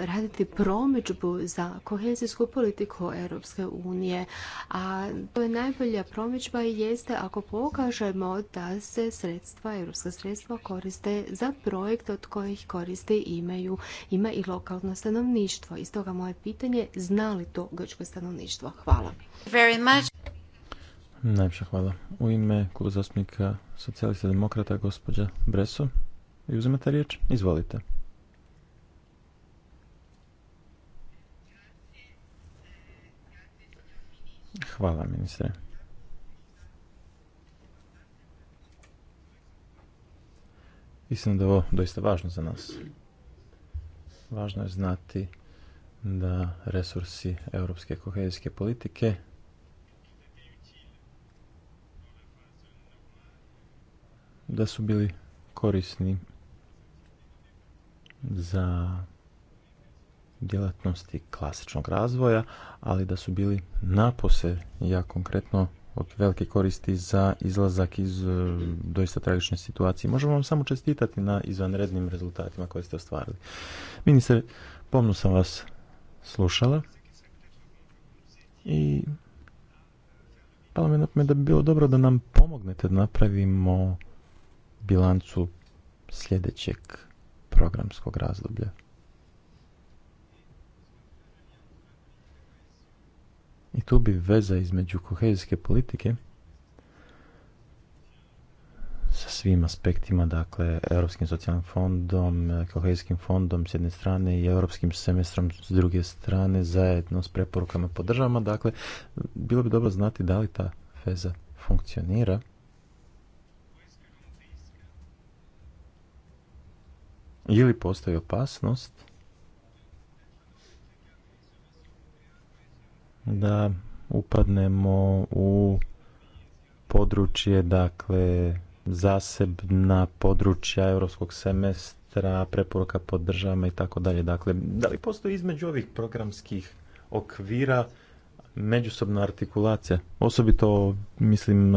[SPEAKER 1] raditi promičbu za kohezijsku politiku Europske unije. A to je najbolja promičba jeste ako pokažemo da se sredstva, europska sredstva koriste za projekt od kojih koriste imaju, ima i lokalno stanovništvo. I stoga moje pitanje, zna li to grčko stanovništvo? stanovništvo. Hvala. Very
[SPEAKER 3] hvala. U ime kluba zastupnika socijalista demokrata gospođa Breso. i uzimate riječ? Izvolite. Hvala ministre. Mislim da je ovo doista važno za nas. Važno je znati da resursi europske kohezijske politike da su bili korisni za djelatnosti klasičnog razvoja, ali da su bili napose ja konkretno od velike koristi za izlazak iz e, doista tragične situacije. Možemo vam samo čestitati na izvanrednim rezultatima koje ste ostvarili. Ministre, pomno sam vas slušala i palo mi da bi bilo dobro da nam pomognete da napravimo bilancu sljedećeg programskog razdoblja. I tu bi veza između kohezijske politike sa svim aspektima, dakle, Europskim socijalnim fondom, kohezijskim fondom s jedne strane i Europskim semestrom s druge strane, zajedno s preporukama po državama. Dakle, bilo bi dobro znati da li ta feza funkcionira. Ili postoji opasnost da upadnemo u područje, dakle, zasebna područja europskog semestra, preporuka po državama i tako dalje. Dakle, da li postoji između ovih programskih okvira međusobna artikulacija. Osobito mislim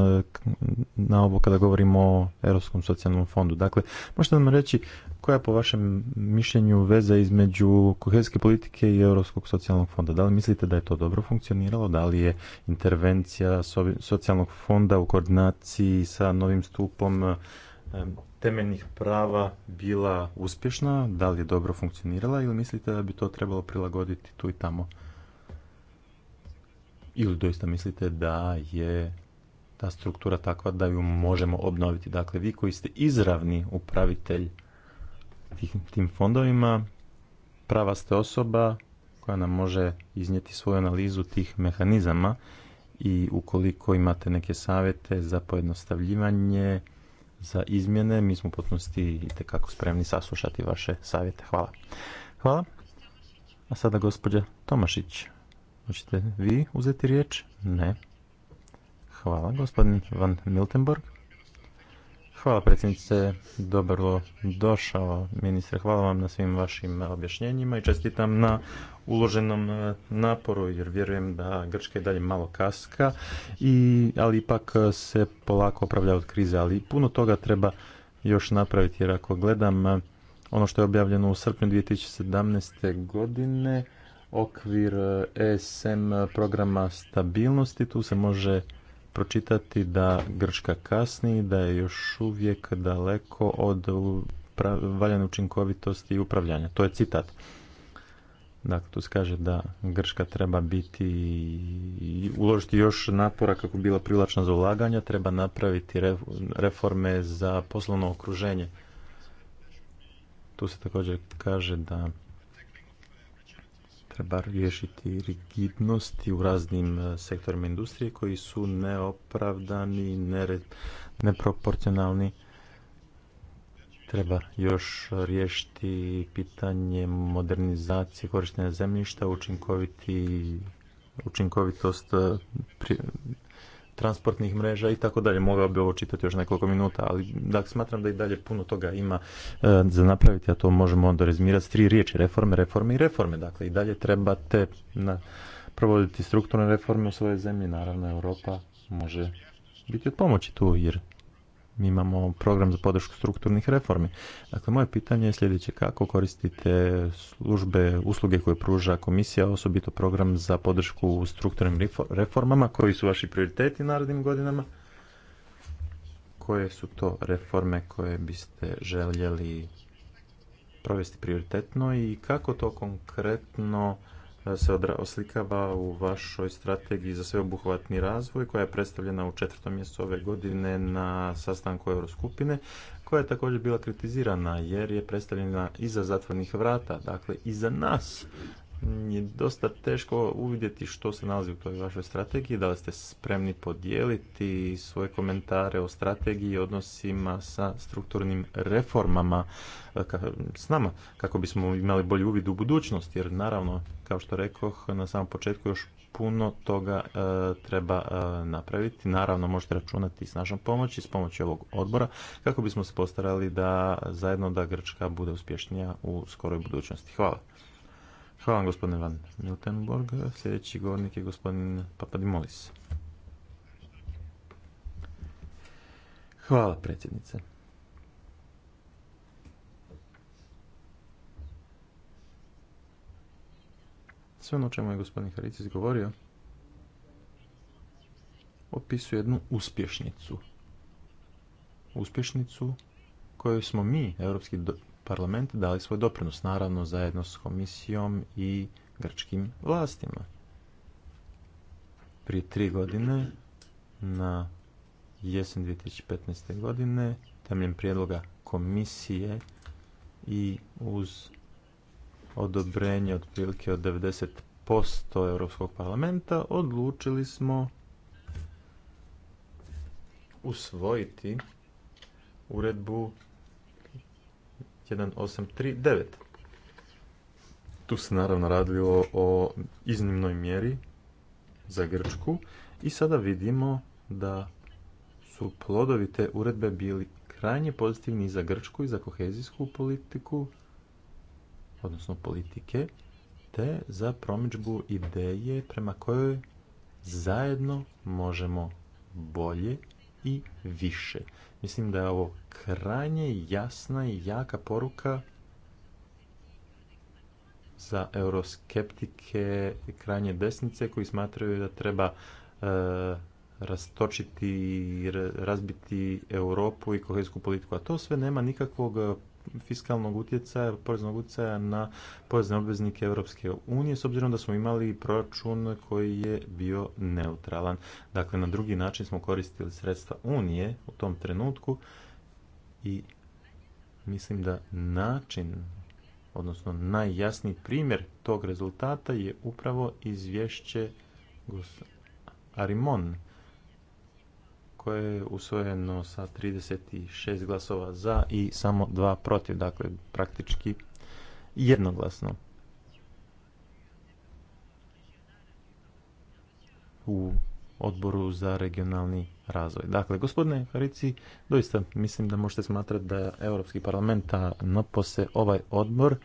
[SPEAKER 3] na ovo kada govorimo o Europskom socijalnom fondu. Dakle, možete nam reći koja je po vašem mišljenju veza između kohezijske politike i Europskog socijalnog fonda? Da li mislite da je to dobro funkcioniralo? Da li je intervencija socijalnog fonda u koordinaciji sa novim stupom eh, temeljnih prava bila uspješna? Da li je dobro funkcionirala ili mislite da bi to trebalo prilagoditi tu i tamo? ili doista mislite da je ta struktura takva da ju možemo obnoviti. Dakle, vi koji ste izravni upravitelj tim fondovima, prava ste osoba koja nam može iznijeti svoju analizu tih mehanizama i ukoliko imate neke savjete za pojednostavljivanje, za izmjene, mi smo potpunosti itekako spremni saslušati vaše savjete. Hvala. Hvala. A sada gospođa Tomašić. Hoćete vi uzeti riječ? Ne. Hvala, gospodin Van Miltenborg. Hvala predsjednice, dobro došao ministre, hvala vam na svim vašim objašnjenjima i čestitam na uloženom e, naporu jer vjerujem da Grčka je dalje malo kaska, i, ali ipak se polako opravlja od krize, ali puno toga treba još napraviti jer ako gledam e, ono što je objavljeno u srpnju 2017. godine, okvir ESM e programa stabilnosti. Tu se može pročitati da Grčka kasni, da je još uvijek daleko od valjane učinkovitosti i upravljanja. To je citat. Dakle, tu se kaže da Grčka treba biti i uložiti još napora kako bi bila privlačna za ulaganja, treba napraviti reforme za poslovno okruženje. Tu se također kaže da treba riješiti rigidnosti u raznim e, sektorima industrije koji su neopravdani, neproporcionalni. Treba još riješiti pitanje modernizacije korištenja zemljišta, učinkoviti, učinkovitost e, transportnih mreža i tako dalje. Mogao bi ovo čitati još nekoliko minuta, ali smatram da i dalje puno toga ima e, za napraviti, a to možemo onda rezimirati s tri riječi, reforme, reforme i reforme. Dakle, i dalje trebate provoditi strukturne reforme u svojoj zemlji, naravno Europa može biti od pomoći tu, jer mi imamo program za podršku strukturnih reformi. Dakle, moje pitanje je sljedeće. Kako koristite službe, usluge koje pruža komisija, osobito program za podršku strukturnim reformama? Koji su vaši prioriteti narednim godinama? Koje su to reforme koje biste željeli provesti prioritetno i kako to konkretno se oslikava u vašoj strategiji za sveobuhvatni razvoj koja je predstavljena u četvrtom mjesecu ove godine na sastanku Euroskupine koja je također bila kritizirana jer je predstavljena iza zatvornih vrata, dakle iza nas je dosta teško uvidjeti što se nalazi u toj vašoj strategiji, da li ste spremni podijeliti svoje komentare o strategiji i odnosima sa strukturnim reformama e, s nama, kako bismo imali bolji uvid u budućnost, jer naravno, kao što rekoh, na samom početku još puno toga e, treba e, napraviti. Naravno, možete računati s našom pomoći, s pomoći ovog odbora, kako bismo se postarali da zajedno da Grčka bude uspješnija u skoroj budućnosti. Hvala. Hvala vam gospodine Van Miltenborg. Sljedeći govornik je gospodin Papadimolis. Hvala predsjednice. Sve ono čemu je gospodin Haricis govorio opisuje jednu uspješnicu. Uspješnicu kojoj smo mi, europski parlament dali svoj doprinos, naravno zajedno s komisijom i grčkim vlastima. Prije tri godine, na jesen 2015. godine, temeljem prijedloga komisije i uz odobrenje otprilike od 90% Europskog parlamenta, odlučili smo usvojiti uredbu 1839. Tu se naravno radilo o iznimnoj mjeri za Grčku i sada vidimo da su plodovi te uredbe bili krajnje pozitivni za Grčku i za kohezijsku politiku, odnosno politike, te za promičbu ideje prema kojoj zajedno možemo bolje i više. Mislim da je ovo krajnje jasna i jaka poruka za euroskeptike krajnje desnice koji smatraju da treba e, rastočiti i razbiti Europu i kohezijsku politiku. A to sve nema nikakvog e, fiskalnog utjecaja, poreznog utjecaja na porezne obveznike Europske unije, s obzirom da smo imali proračun koji je bio neutralan. Dakle, na drugi način smo koristili sredstva unije u tom trenutku i mislim da način odnosno najjasniji primjer tog rezultata je upravo izvješće Arimon koje je usvojeno sa 36 glasova za i samo dva protiv, dakle praktički jednoglasno. U odboru za regionalni razvoj. Dakle, gospodine Harici, doista mislim da možete smatrati da Europski parlament, a napose ovaj odbor,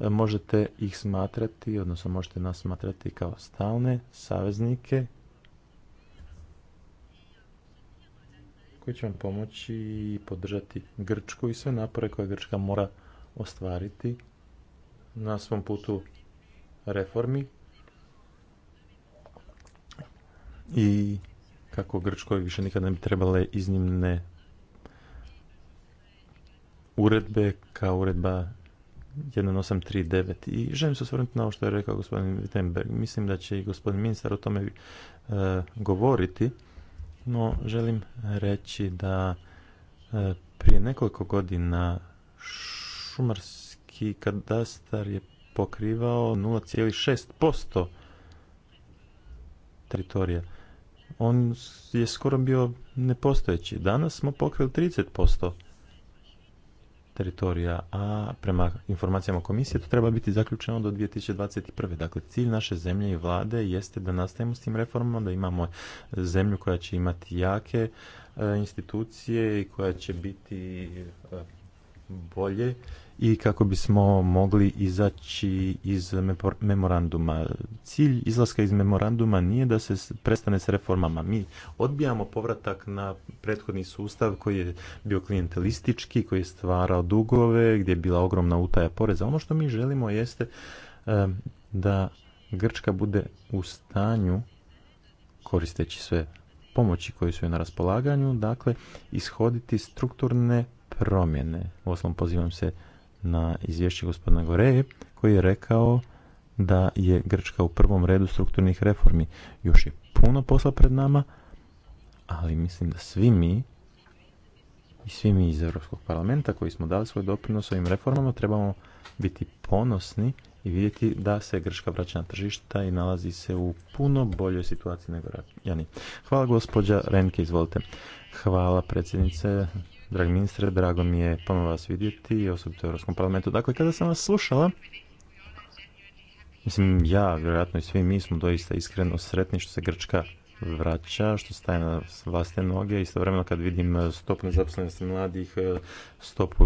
[SPEAKER 3] možete ih smatrati, odnosno možete nas smatrati kao stalne saveznike koji će vam pomoći i podržati Grčku i sve napore koje Grčka mora ostvariti na svom putu reformi i kako Grčkoj više nikada ne bi trebale iznimne uredbe kao uredba 1839 i želim se osvrnuti na ovo što je rekao gospodin Wittenberg. Mislim da će i gospodin ministar o tome e, govoriti no, želim reći da e, prije nekoliko godina šumarski kadastar je pokrivao 0,6% teritorija. On je skoro bio nepostojeći. Danas smo pokrili 30% teritorija, a prema informacijama komisije to treba biti zaključeno do 2021. Dakle, cilj naše zemlje i vlade jeste da nastavimo s tim reformama, da imamo zemlju koja će imati jake e, institucije i koja će biti e, bolje i kako bismo mogli izaći iz memoranduma. Cilj izlaska iz memoranduma nije da se prestane s reformama. Mi odbijamo povratak na prethodni sustav koji je bio klijentelistički, koji je stvarao dugove, gdje je bila ogromna utaja poreza. Ono što mi želimo jeste da Grčka bude u stanju koristeći sve pomoći koje su joj na raspolaganju, dakle, ishoditi strukturne promjene. Uostalom pozivam se na izvješće gospodina Goreje koji je rekao da je Grčka u prvom redu strukturnih reformi. Još je puno posla pred nama, ali mislim da svi mi i svi mi iz Europskog parlamenta koji smo dali svoj doprinos ovim reformama trebamo biti ponosni i vidjeti da se Grčka vraća na tržišta i nalazi se u puno boljoj situaciji nego Jani. Hvala gospođa Renke, izvolite. Hvala predsjednice, dragi ministre, drago mi je ponovno vas vidjeti, osobito u Europskom parlamentu. Dakle, kada sam vas slušala, mislim, ja, vjerojatno i svi mi smo doista iskreno sretni što se Grčka vraća, što staje na vlastne noge. Istovremeno kad vidim e, e, stopu nezaposlenosti mladih, stopu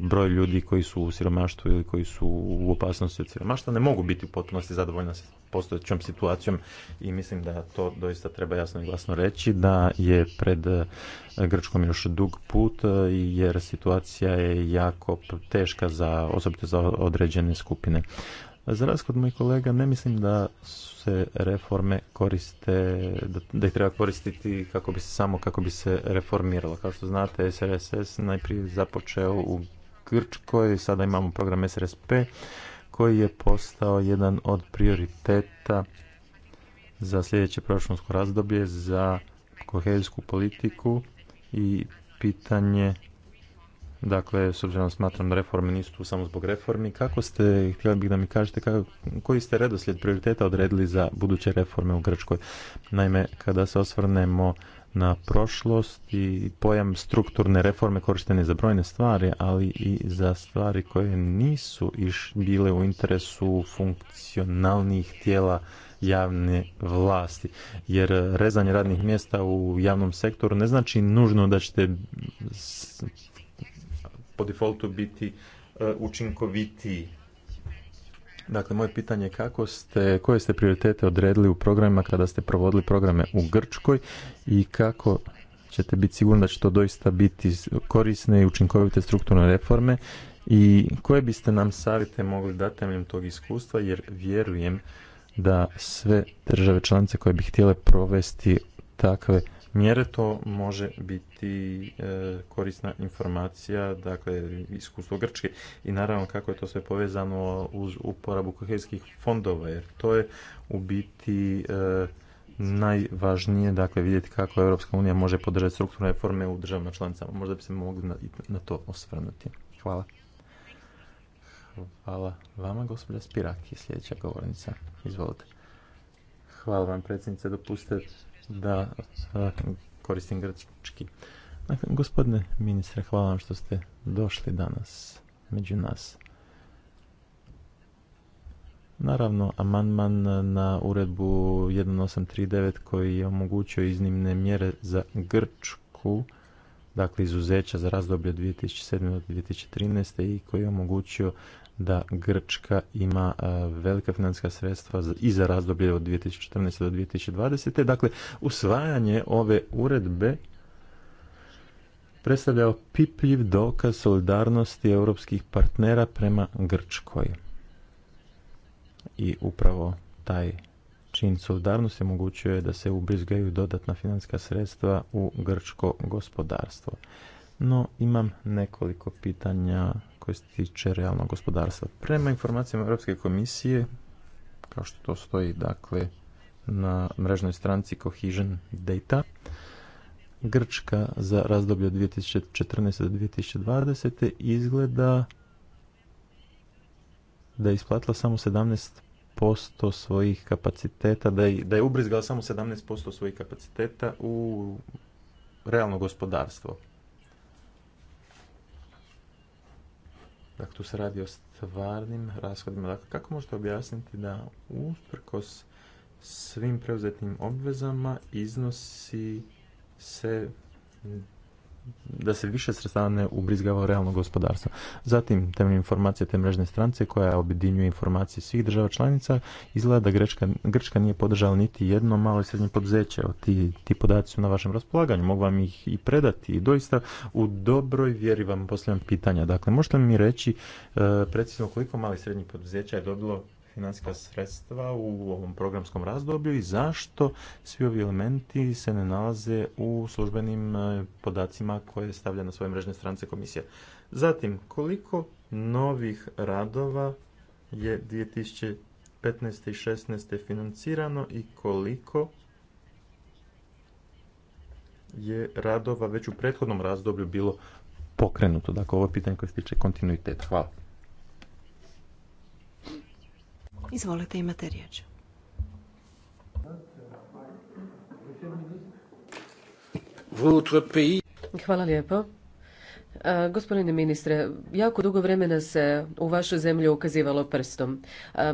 [SPEAKER 3] broj ljudi koji su u siromaštvu ili koji su u opasnosti od siromaštva, ne mogu biti u potpunosti zadovoljna s postojećom situacijom i mislim da to doista treba jasno i glasno reći, da je pred e, Grčkom još dug put jer situacija je jako teška za, osobito za određene skupine. Za razliku od mojih kolega ne mislim da se reforme koriste, da, ih treba koristiti kako bi se samo kako bi se reformiralo. Kao što znate, SRSS najprije započeo u Grčkoj, sada imamo program SRSP koji je postao jedan od prioriteta za sljedeće proračunsko razdoblje za kohezijsku politiku i pitanje Dakle, s obzirom smatram da reforme nisu tu samo zbog reformi, kako ste, htjeli bih da mi kažete, kako, koji ste redoslijed prioriteta odredili za buduće reforme u Grčkoj? Naime, kada se osvrnemo na prošlost i pojam strukturne reforme korištene za brojne stvari, ali i za stvari koje nisu iš bile u interesu funkcionalnih tijela javne vlasti. Jer rezanje radnih mjesta u javnom sektoru ne znači nužno da ćete po defaultu biti e, učinkovitiji. Dakle, moje pitanje je kako ste, koje ste prioritete odredili u programima kada ste provodili programe u Grčkoj i kako ćete biti sigurni da će to doista biti korisne i učinkovite strukturne reforme i koje biste nam savjete mogli dati temeljem tog iskustva jer vjerujem da sve države članice koje bi htjele provesti takve mjere, to može biti e, korisna informacija, dakle iskustvo Grčke i naravno kako je to sve povezano uz uporabu kohezijskih fondova, jer to je u biti e, najvažnije, dakle vidjeti kako Europska unija može podržati strukturne reforme u državama članicama. Možda bi se mogli na, na to osvrnuti. Hvala. Hvala vama, spirak Spiraki, sljedeća govornica. Izvolite. Hvala vam, predsjednice. Dopustite da e, koristim grčki. Dakle, gospodine ministre, hvala vam što ste došli danas među nas. Naravno, amandman na uredbu 1839 koji je omogućio iznimne mjere za Grčku, dakle izuzeća za razdoblje 2007. do 2013. i koji je omogućio da Grčka ima e, velika financijska sredstva i za razdoblje od 2014. do 2020. Dakle, usvajanje ove uredbe predstavljao pipljiv dokaz solidarnosti europskih partnera prema Grčkoj. I upravo taj čin solidarnosti omogućuje da se ubrizgaju dodatna financijska sredstva u grčko gospodarstvo. No, imam nekoliko pitanja koji se tiče realnog gospodarstva. Prema informacijama Europske komisije, kao što to stoji dakle na mrežnoj stranci Cohesion Data, Grčka za razdoblje od 2014. do 2020. izgleda da je isplatila samo 17% svojih kapaciteta, da je, da je ubrizgala samo 17% svojih kapaciteta u realno gospodarstvo. Dakle, tu se radi o stvarnim rashodima. Dakle, kako možete objasniti da usprkos svim preuzetnim obvezama iznosi se da se više sredstava ne ubrizgava u realno gospodarstvo. Zatim, temeljem informacije te mrežne strance koja objedinjuje informacije svih država članica, izgleda da Grčka, Grčka nije podržala niti jedno malo i srednje poduzeće. Ti, ti podaci su na vašem raspolaganju, mogu vam ih i predati i doista u dobroj vjeri vam postavljam pitanja. Dakle, možete li mi reći e, precizno koliko malih i srednjih poduzeća je dobilo financijska sredstva u ovom programskom razdoblju i zašto svi ovi elementi se ne nalaze u službenim e, podacima koje stavlja na svoje mrežne strance komisija. Zatim, koliko novih radova je 2015. i 2016. financirano i koliko je radova već u prethodnom razdoblju bilo pokrenuto. Dakle, ovo je pitanje koje se tiče kontinuiteta. Hvala.
[SPEAKER 1] Izvolite, imate riječ. Hvala lijepo.
[SPEAKER 2] E, gospodine ministre, jako dugo vremena se u vašoj zemlju ukazivalo prstom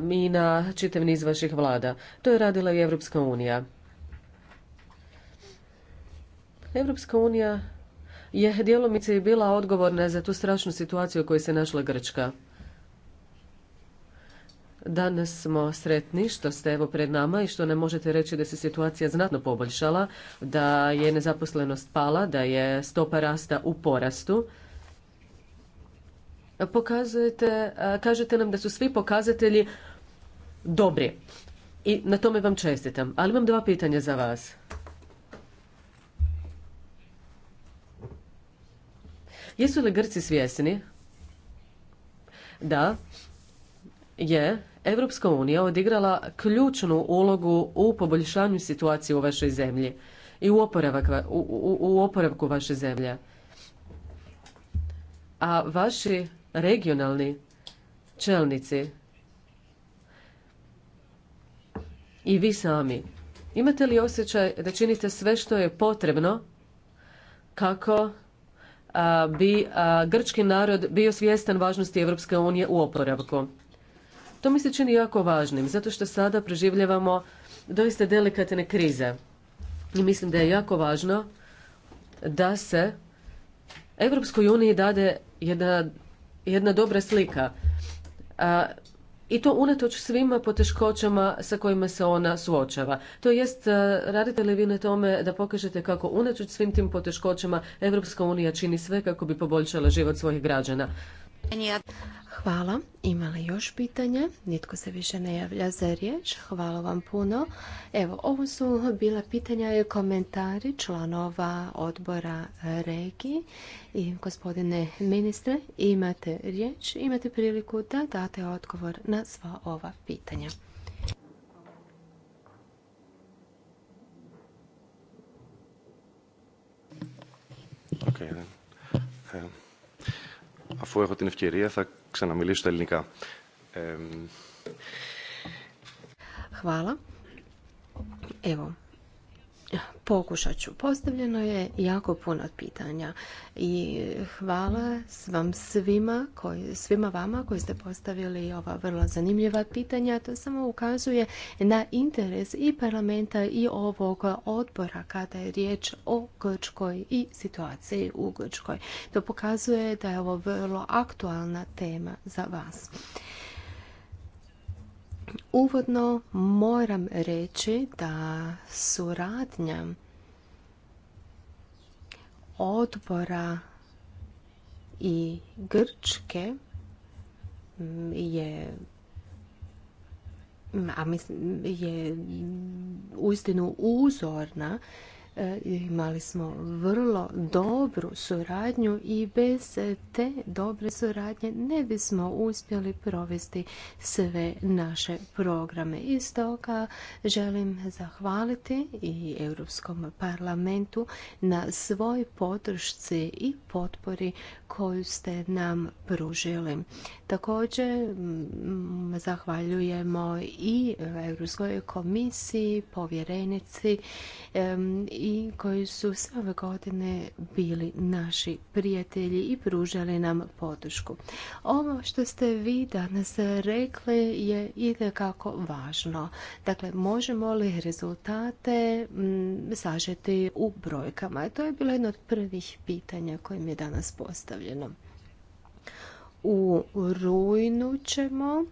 [SPEAKER 2] mi e, i na čitav niz vaših vlada. To je radila i Evropska unija. Evropska unija je djelomice i bila odgovorna za tu strašnu situaciju u kojoj se našla Grčka. Danas smo sretni što ste evo pred nama i što ne možete reći da se situacija znatno poboljšala, da je nezaposlenost pala, da je stopa rasta u porastu. Pokazujete, kažete nam da su svi pokazatelji dobri i na tome vam čestitam. Ali imam dva pitanja za vas. Jesu li Grci svjesni da je Europska unija odigrala ključnu ulogu u poboljšanju situacije u vašoj zemlji i u, u, oporavku vaše zemlje. A vaši regionalni čelnici i vi sami, imate li osjećaj da činite sve što je potrebno kako bi grčki narod bio svjestan važnosti Europske unije u oporavku? To mi se čini jako važnim, zato što sada preživljavamo doista delikatne krize. I mislim da je jako važno da se Europskoj uniji dade jedna, jedna dobra slika. i to unatoč svima poteškoćama sa kojima se ona suočava. To jest, radite li vi na tome da pokažete kako unatoč svim tim poteškoćama Europska unija čini sve kako bi poboljšala život svojih građana?
[SPEAKER 1] Hvala. Ima li još pitanja? Nitko se više ne javlja za riječ. Hvala vam puno. Evo, ovo su bila pitanja i komentari članova odbora regiji. I gospodine ministre, imate riječ, imate priliku da date odgovor na sva ova pitanja.
[SPEAKER 3] Okay, ξαναμιλήσω στα ελληνικά. Ε,
[SPEAKER 1] Hvala. Evo, Pokušat ću. Postavljeno je jako puno pitanja i hvala vam svima, koji, svima vama koji ste postavili ova vrlo zanimljiva pitanja. To samo ukazuje na interes i parlamenta i ovog odbora kada je riječ o Grčkoj i situaciji u Grčkoj. To pokazuje da je ovo vrlo aktualna tema za vas. Uvodno moram reći da suradnja odbora i Grčke mm, je mm, a mislim je uistinu uzorna E, imali smo vrlo dobru suradnju i bez te dobre suradnje ne bismo uspjeli provesti sve naše programe. I stoga želim zahvaliti i Europskom parlamentu na svoj podršci i potpori koju ste nam pružili. Također zahvaljujemo i Europskoj komisiji, povjerenici i koji su sve ove godine bili naši prijatelji i pružali nam podršku. Ovo što ste vi danas rekli je itekako važno. Dakle, možemo li rezultate sažeti u brojkama? To je bilo jedno od prvih pitanja koje mi je danas postavljeno u rujnu ćemo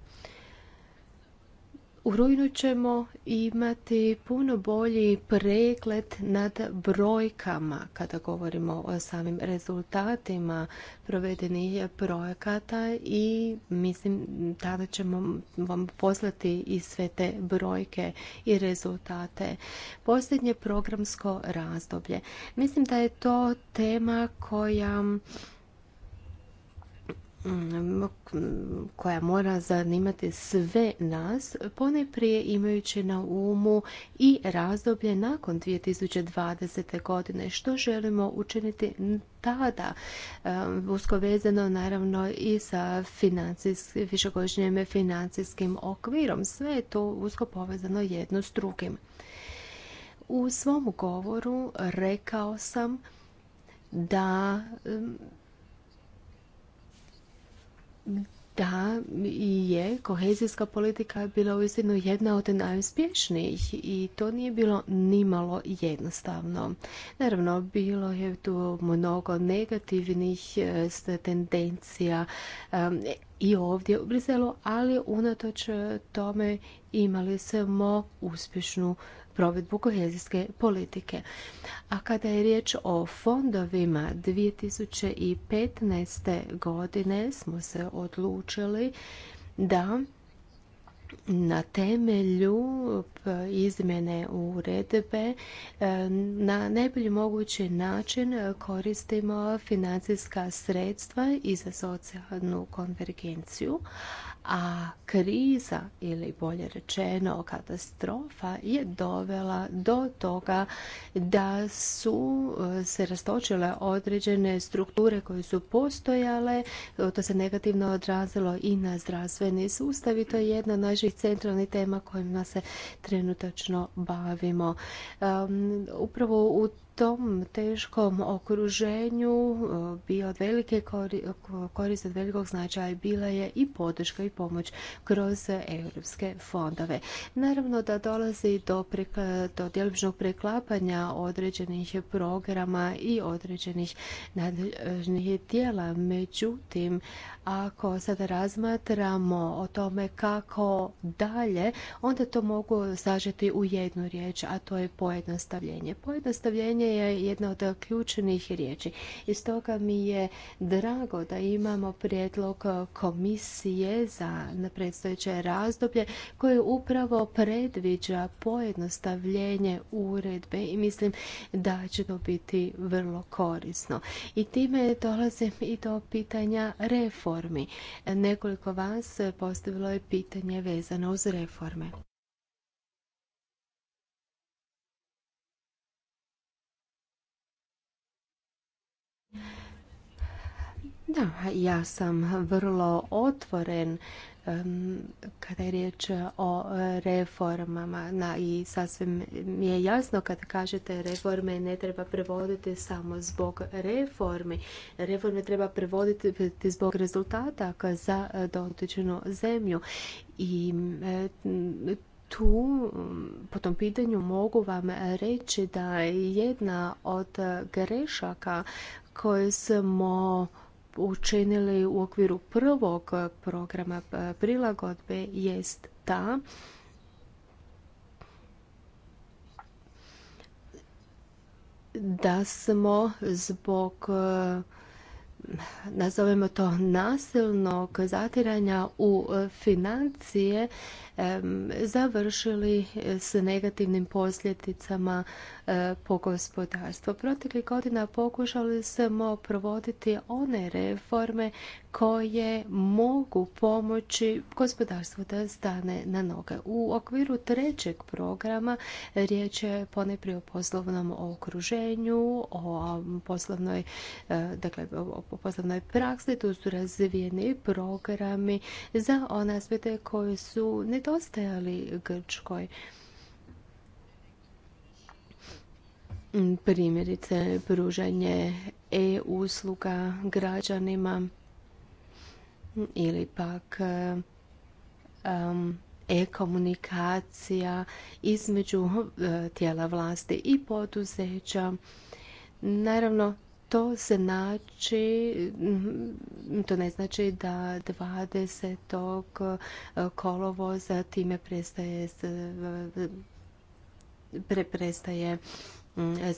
[SPEAKER 1] u rujnu ćemo imati puno bolji pregled nad brojkama kada govorimo o samim rezultatima provedenih projekata i mislim tada ćemo vam poslati i sve te brojke i rezultate. Posljednje programsko razdoblje. Mislim da je to tema koja koja mora zanimati sve nas, poneprije imajući na umu i razdoblje nakon 2020. godine, što želimo učiniti tada, e, usko vezano naravno i sa financijskim, višegodišnjim financijskim okvirom. Sve je to usko povezano jedno s drugim. U svom govoru rekao sam da da je kohezijska politika bila uistinu jedna od najuspješnijih i to nije bilo nimalo jednostavno. Naravno, bilo je tu mnogo negativnih e, tendencija i ovdje u Briselu, ali unatoč tome imali smo uspješnu provedbu kohezijske politike. A kada je riječ o fondovima 2015. godine smo se odlučili da na temelju izmjene uredbe e, na najbolji mogući način koristimo financijska sredstva i za socijalnu konvergenciju, a kriza ili bolje rečeno katastrofa je dovela do toga da su e, se rastočile određene strukture koje su postojale, e, to se negativno odrazilo i na zdravstveni sustav i to je jedna od naših centralnih tema kojima se trenutačno bavimo. upravo u tom teškom okruženju eh, bio od velike korist od velikog značaja bila je i podrška i pomoć kroz europske fondove. Naravno da dolazi do, preka, djelomičnog preklapanja određenih programa i određenih nadležnih tijela. Međutim, ako sada razmatramo o tome kako dalje, onda to mogu sažeti u jednu riječ, a to je pojednostavljenje. Pojednostavljenje je jedna od ključnih riječi. I stoga mi je drago da imamo prijedlog komisije za predstojeće razdoblje koje upravo predviđa pojednostavljenje uredbe i mislim da će to biti vrlo korisno. I time dolazim i do pitanja reforme reformi. Nekoliko vas postavilo je pitanje vezano uz reforme. Da, ja sam vrlo otvoren kada je riječ o reformama na, i sasvim mi je jasno kada kažete reforme ne treba prevoditi samo zbog reformi. Reforme treba prevoditi zbog rezultata za dotičnu zemlju. I tu po tom pitanju mogu vam reći da jedna od grešaka koje smo učinili u okviru prvog programa e, prilagodbe jest ta da smo zbog e, nazovemo to nasilnog zatiranja u e, financije završili s negativnim posljedicama e, po gospodarstvo. Proteklih godina pokušali smo provoditi one reforme koje mogu pomoći gospodarstvu da stane na noge. U okviru trećeg programa riječ je ponajprije o poslovnom okruženju, o um, poslovnoj, e, dakle, o poslovnoj praksi, tu su razvijeni programi za one aspekte koji su ne nedostajali Grčkoj. Primjerice, pružanje e-usluga građanima ili pak e-komunikacija između eh, tijela vlasti i poduzeća. Naravno, to znači, to ne znači da 20. kolovoza time prestaje pre, prestaje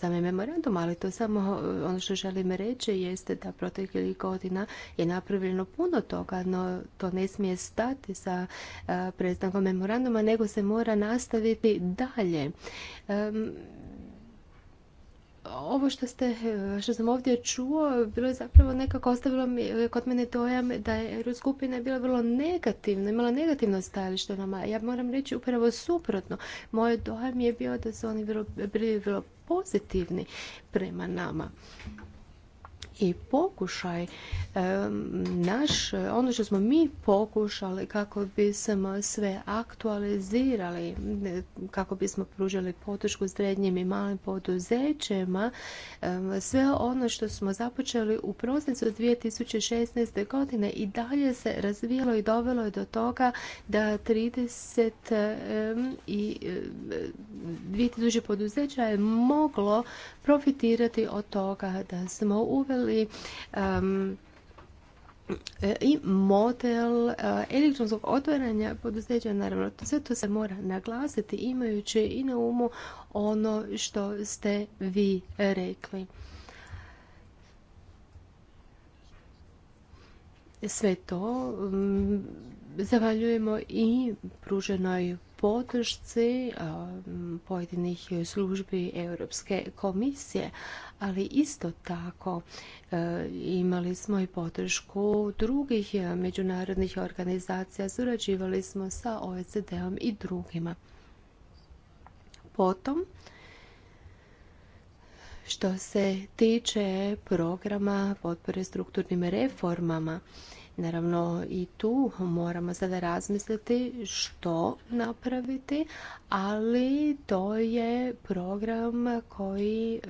[SPEAKER 1] me memorandum, ali to samo ono što želim reći jeste da proteklih godina je napravljeno puno toga, no to ne smije stati sa prestankom memoranduma, nego se mora nastaviti dalje ovo što, ste, što sam ovdje čuo, bilo je zapravo nekako ostavilo mi, kod mene dojam da je skupina bila vrlo negativna, imala negativno stajalište nama. Ja moram reći upravo suprotno. Moj dojam je bio da su oni bili vrlo pozitivni prema nama i pokušaj naš, ono što smo mi pokušali kako bismo sve aktualizirali, kako bismo pružili podršku srednjim i malim poduzećima, sve ono što smo započeli u prosincu 2016. godine i dalje se razvijalo i dovelo je do toga da 30 i 2000 poduzeća je moglo profitirati od toga da smo uveli i model eh, elektronskog otvaranja poduzeća, naravno, sve to se mora naglasiti imajući i na umu ono što ste vi rekli. sve to mm, zavaljujemo i pruženoj podršci mm, pojedinih službi Europske komisije, ali isto tako e, imali smo i podršku drugih međunarodnih organizacija, surađivali smo sa OECD-om i drugima. Potom, što se tiče programa potpore strukturnim reformama Naravno i tu moramo sada razmisliti što napraviti, ali to je program koji,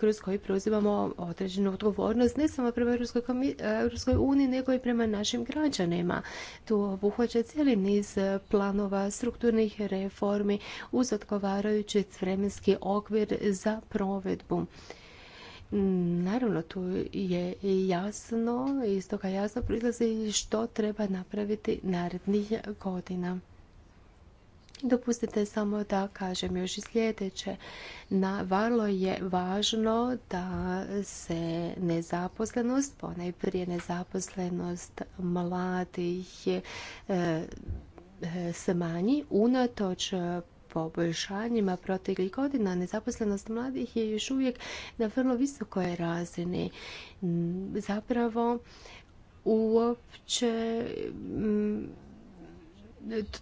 [SPEAKER 1] kroz koji preuzimamo određenu odgovornost ne samo prema Europskoj, uniji nego i prema našim građanima. Tu obuhvaća cijeli niz planova, strukturnih reformi uz odgovarajući vremenski okvir za provedbu. Naravno, tu je jasno, iz toga jasno prilazi što treba napraviti narednih godina. Dopustite samo da kažem još i sljedeće. Na, varlo je važno da se nezaposlenost, ponajprije nezaposlenost mladih, e, smanji unatoč poboljšanjima proteklih godina. Nezaposlenost mladih je još uvijek na vrlo visokoj razini. Zapravo uopće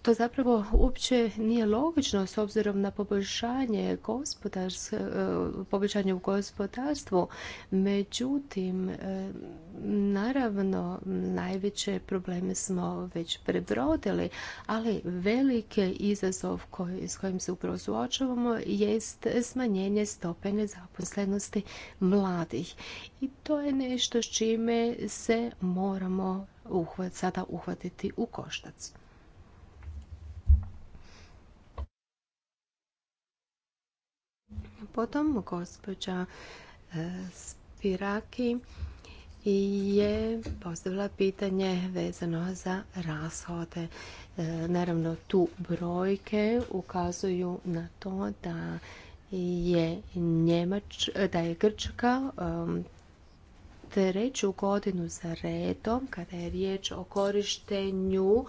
[SPEAKER 1] to zapravo uopće nije logično s obzirom na poboljšanje e, poboljšanje u gospodarstvu. Međutim, e, naravno, najveće probleme smo već prebrodili, ali velike izazov s kojim se upravo suočavamo jest smanjenje stope nezaposlenosti mladih. I to je nešto s čime se moramo sada uhvatiti u koštac. Potom gospođa e, Spiraki je postavila pitanje vezano za rashode. E, naravno, tu brojke ukazuju na to da je Njemač, da je Grčka um, treću godinu za redom kada je riječ o korištenju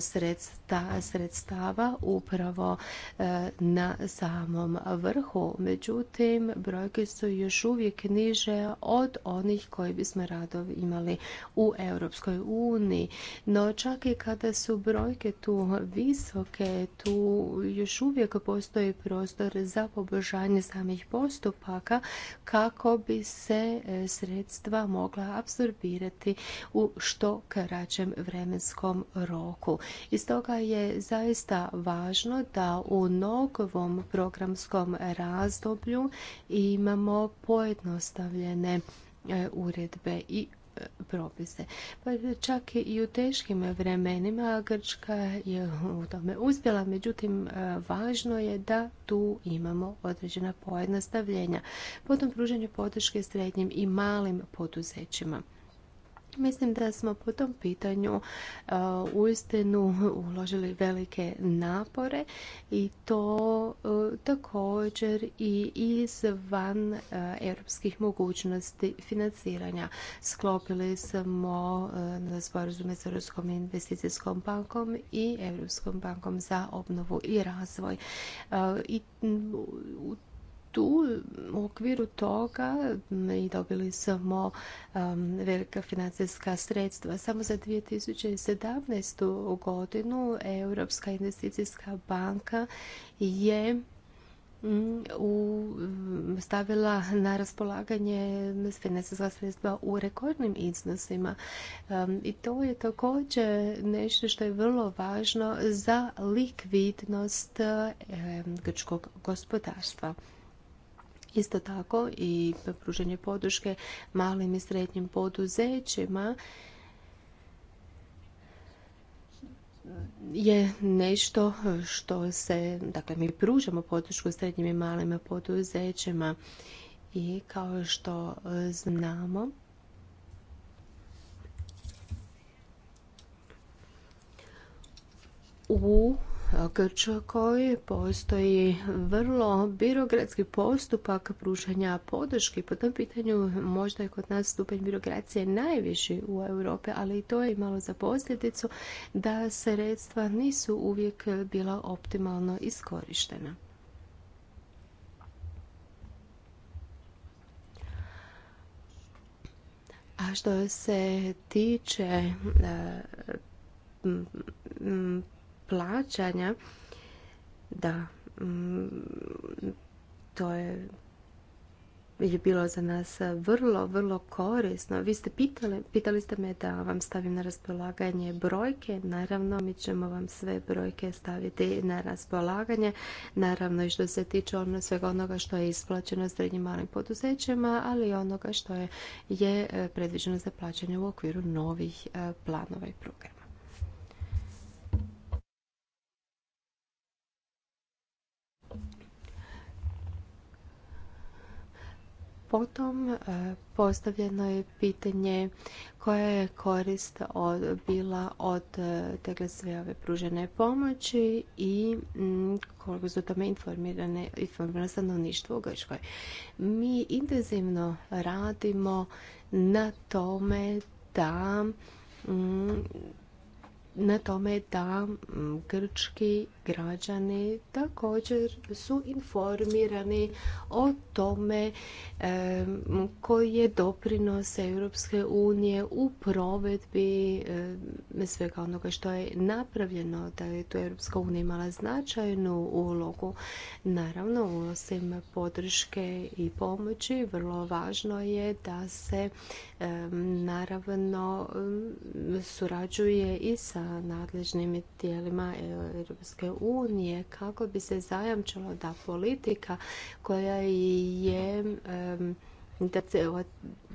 [SPEAKER 1] sredsta, sredstava upravo e, na samom vrhu. Međutim, brojke su još uvijek niže od onih koji bismo rado imali u Europskoj uniji. No čak i kada su brojke tu visoke, tu još uvijek postoji prostor za poboljšanje samih postupaka kako bi se e, sredstva mogla apsorbirati u što kraćem vremenskom roku roku. I stoga je zaista važno da u nogovom programskom razdoblju imamo pojednostavljene e, uredbe i e, propise. Pa čak i u teškim vremenima Grčka je u tome uspjela, međutim e, važno je da tu imamo određena pojednostavljenja. Potom pruženje podrške srednjim i malim poduzećima. Mislim da smo po tom pitanju u e, uistinu uložili velike napore i to e, također i izvan uh, europskih mogućnosti financiranja. Sklopili smo sporazume s Europskom investicijskom bankom i Europskom bankom za obnovu i razvoj. I tu u okviru toga i dobili smo um, velika financijska sredstva. Samo za 2017. godinu Europska investicijska banka je u, stavila na raspolaganje financijska sredstva u rekordnim iznosima. Um, I to je također nešto što je vrlo važno za likvidnost um, grčkog gospodarstva. Isto tako i pruženje podrške malim i srednjim poduzećima je nešto što se, dakle mi pružamo podršku srednjim i malim poduzećima i kao što znamo u koji postoji vrlo birokratski postupak pružanja podrške po tom pitanju možda je kod nas stupanj birokracije najviši u Europi, ali i to je imalo za posljedicu da sredstva nisu uvijek bila optimalno iskorištena. A što se tiče eh, plaćanja, da, mm, to je je bilo za nas vrlo, vrlo korisno. Vi ste pitali, pitali ste me da vam stavim na raspolaganje brojke. Naravno, mi ćemo vam sve brojke staviti na raspolaganje. Naravno, i što se tiče ono, svega onoga što je isplaćeno srednjim malim poduzećima, ali i onoga što je, je eh, predviđeno za plaćanje u okviru novih eh, planova i programa. Potom e, postavljeno je pitanje koja je korist bila od tegle dakle, sve ove pružene pomoći i mm, koliko su tome informirane, informirano stanovništvo u Grčkoj. Mi intenzivno radimo na tome da mm, na tome da grčki građani također su informirani o tome koji je doprinos Europske unije u provedbi svega onoga što je napravljeno, da je tu Europska unija imala značajnu ulogu. Naravno, osim podrške i pomoći, vrlo važno je da se naravno surađuje i sa nadležnim tijelima Europske unije kako bi se zajamčilo da politika koja je da se,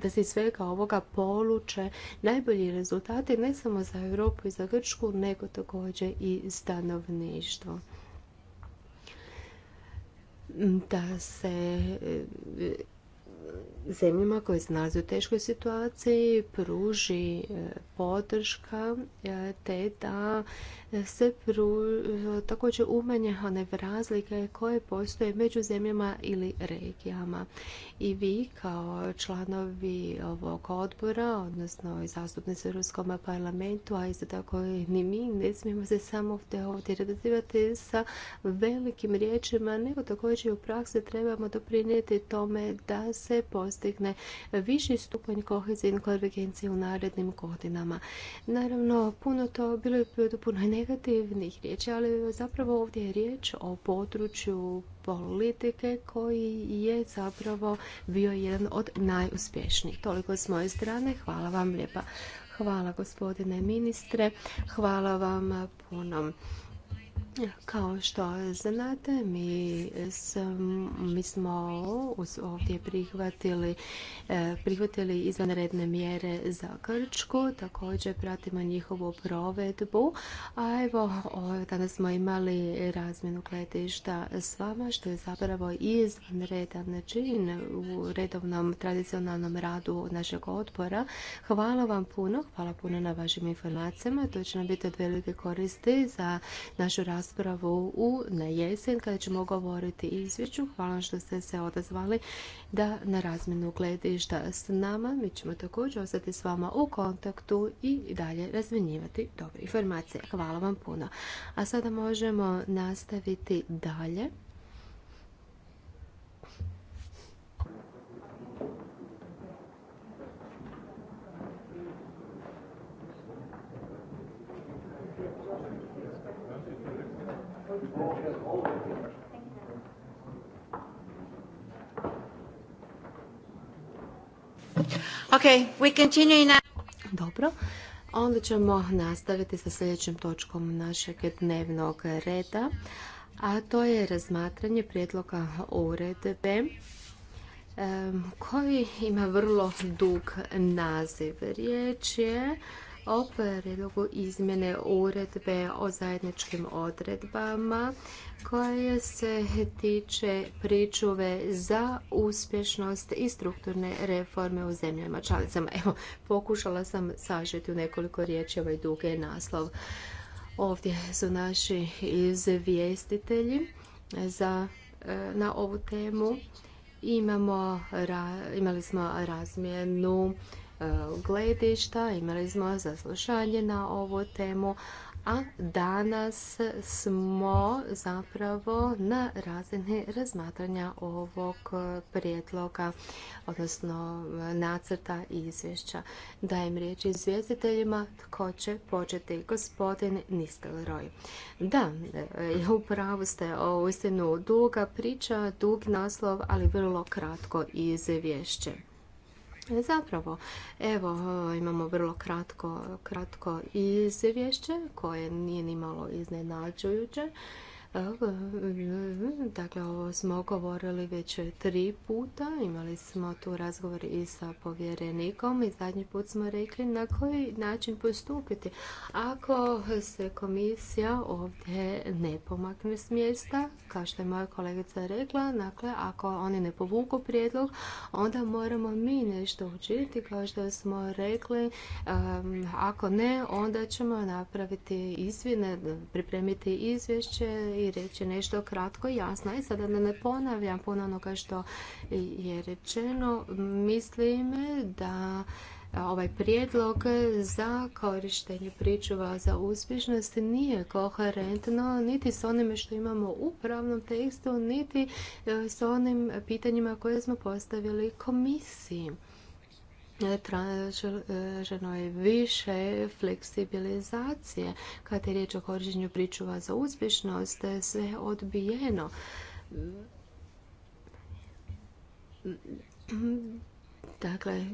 [SPEAKER 1] da se iz svega ovoga poluče najbolji rezultati ne samo za Europu i za Grčku, nego također i stanovništvo da se zemljama koje se nalaze u teškoj situaciji pruži e, podrška e, te da se e, također umanje one razlike koje postoje među zemljama ili regijama. I vi kao članovi ovog odbora, odnosno i zastupnici u Europskom parlamentu, a isto tako ni mi, ne smijemo se samo te ovdje redazivati sa velikim riječima, nego također u praksi trebamo doprinijeti tome da se postigne viši stupanj kohezijne konvergencije u narednim godinama. Naravno, puno to bilo je puno negativnih riječi, ali zapravo ovdje je riječ o području politike koji je zapravo bio jedan od najuspješnijih. Toliko s moje strane. Hvala vam lijepa. Hvala gospodine ministre. Hvala vam puno. Kao što znate, mi, mi smo ovdje prihvatili, e, prihvatili izvanredne mjere za Krčku. također pratimo njihovu provedbu, a evo danas smo imali razmjenu gledišta s vama, što je zapravo izvanredan čin u redovnom tradicionalnom radu našeg odbora. Hvala vam puno, hvala puno na vašim informacijama, to će nam biti od velike koristi za našu raspravu raspravu u na jesen kada ćemo govoriti izvješću. Hvala što ste se odazvali da na razmjenu gledišta s nama. Mi ćemo također ostati s vama u kontaktu i dalje razmjenjivati dobre informacije. Hvala vam puno. A sada možemo nastaviti dalje. we continue now. Dobro, onda ćemo nastaviti sa sljedećim točkom našeg dnevnog reda, a to je razmatranje prijedloga uredbe koji ima vrlo dug naziv. Riječ je o prijedlogu izmjene uredbe o zajedničkim odredbama koje se tiče pričuve za uspješnost i strukturne reforme u zemljama članicama. Evo, pokušala sam sažeti u nekoliko riječi ovaj duge naslov. Ovdje su naši izvjestitelji za, e, na ovu temu. Imamo, imali smo razmjenu E, gledišta, imali smo zaslušanje na ovu temu, a danas smo zapravo na razini razmatranja ovog prijedloga, odnosno e, nacrta izvješća. Dajem riječ izvjestiteljima tko će početi gospodin Nistelroj. Da, e, pravu ste o istinu duga priča, dug naslov, ali vrlo kratko izvješće. E, zapravo, evo, e, imamo vrlo kratko, kratko izvješće koje nije nimalo iznenađujuće. Dakle, ovo smo govorili već tri puta. Imali smo tu razgovor i sa povjerenikom i zadnji put smo rekli na koji način postupiti. Ako se komisija ovdje ne pomakne s mjesta, kao što je moja kolegica rekla, dakle, ako oni ne povuku prijedlog, onda moramo mi nešto učiniti, kao što smo rekli. ako ne, onda ćemo napraviti izvine, pripremiti izvješće i reći nešto kratko i jasno. I sada da ne ponavljam ponovno kao što je rečeno, mislim da ovaj prijedlog za korištenje pričuva za uspješnost nije koherentno niti s onime što imamo u pravnom tekstu, niti e, s onim pitanjima koje smo postavili komisiji. E, traženo e, je više fleksibilizacije. Kad je riječ o korištenju pričuva za uspješnost, sve odbijeno Dakle,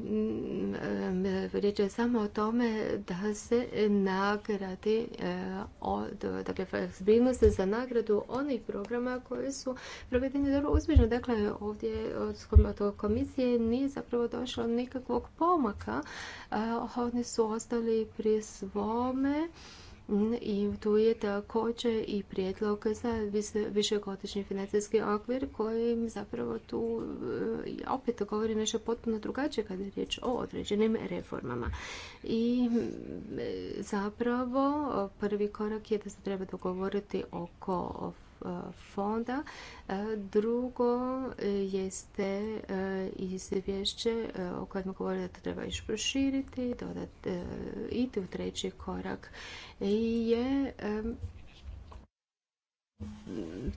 [SPEAKER 1] riječ je samo o tome da se nagradi, e, dakle, se za nagradu onih programa koji su provedeni dobro uspješno. Dakle, ovdje od komisije nije zapravo došlo nikakvog pomaka. Oni su ostali pri svome i tu je također i prijedlog za višegodišnji financijski okvir kojim zapravo tu e, opet govori nešto potpuno drugačije kada je riječ o određenim reformama. I e, zapravo prvi korak je da se treba dogovoriti oko fonda. E, drugo e, jeste e, izvješće o kojem govori da treba još proširiti dodat, iti u treći korak je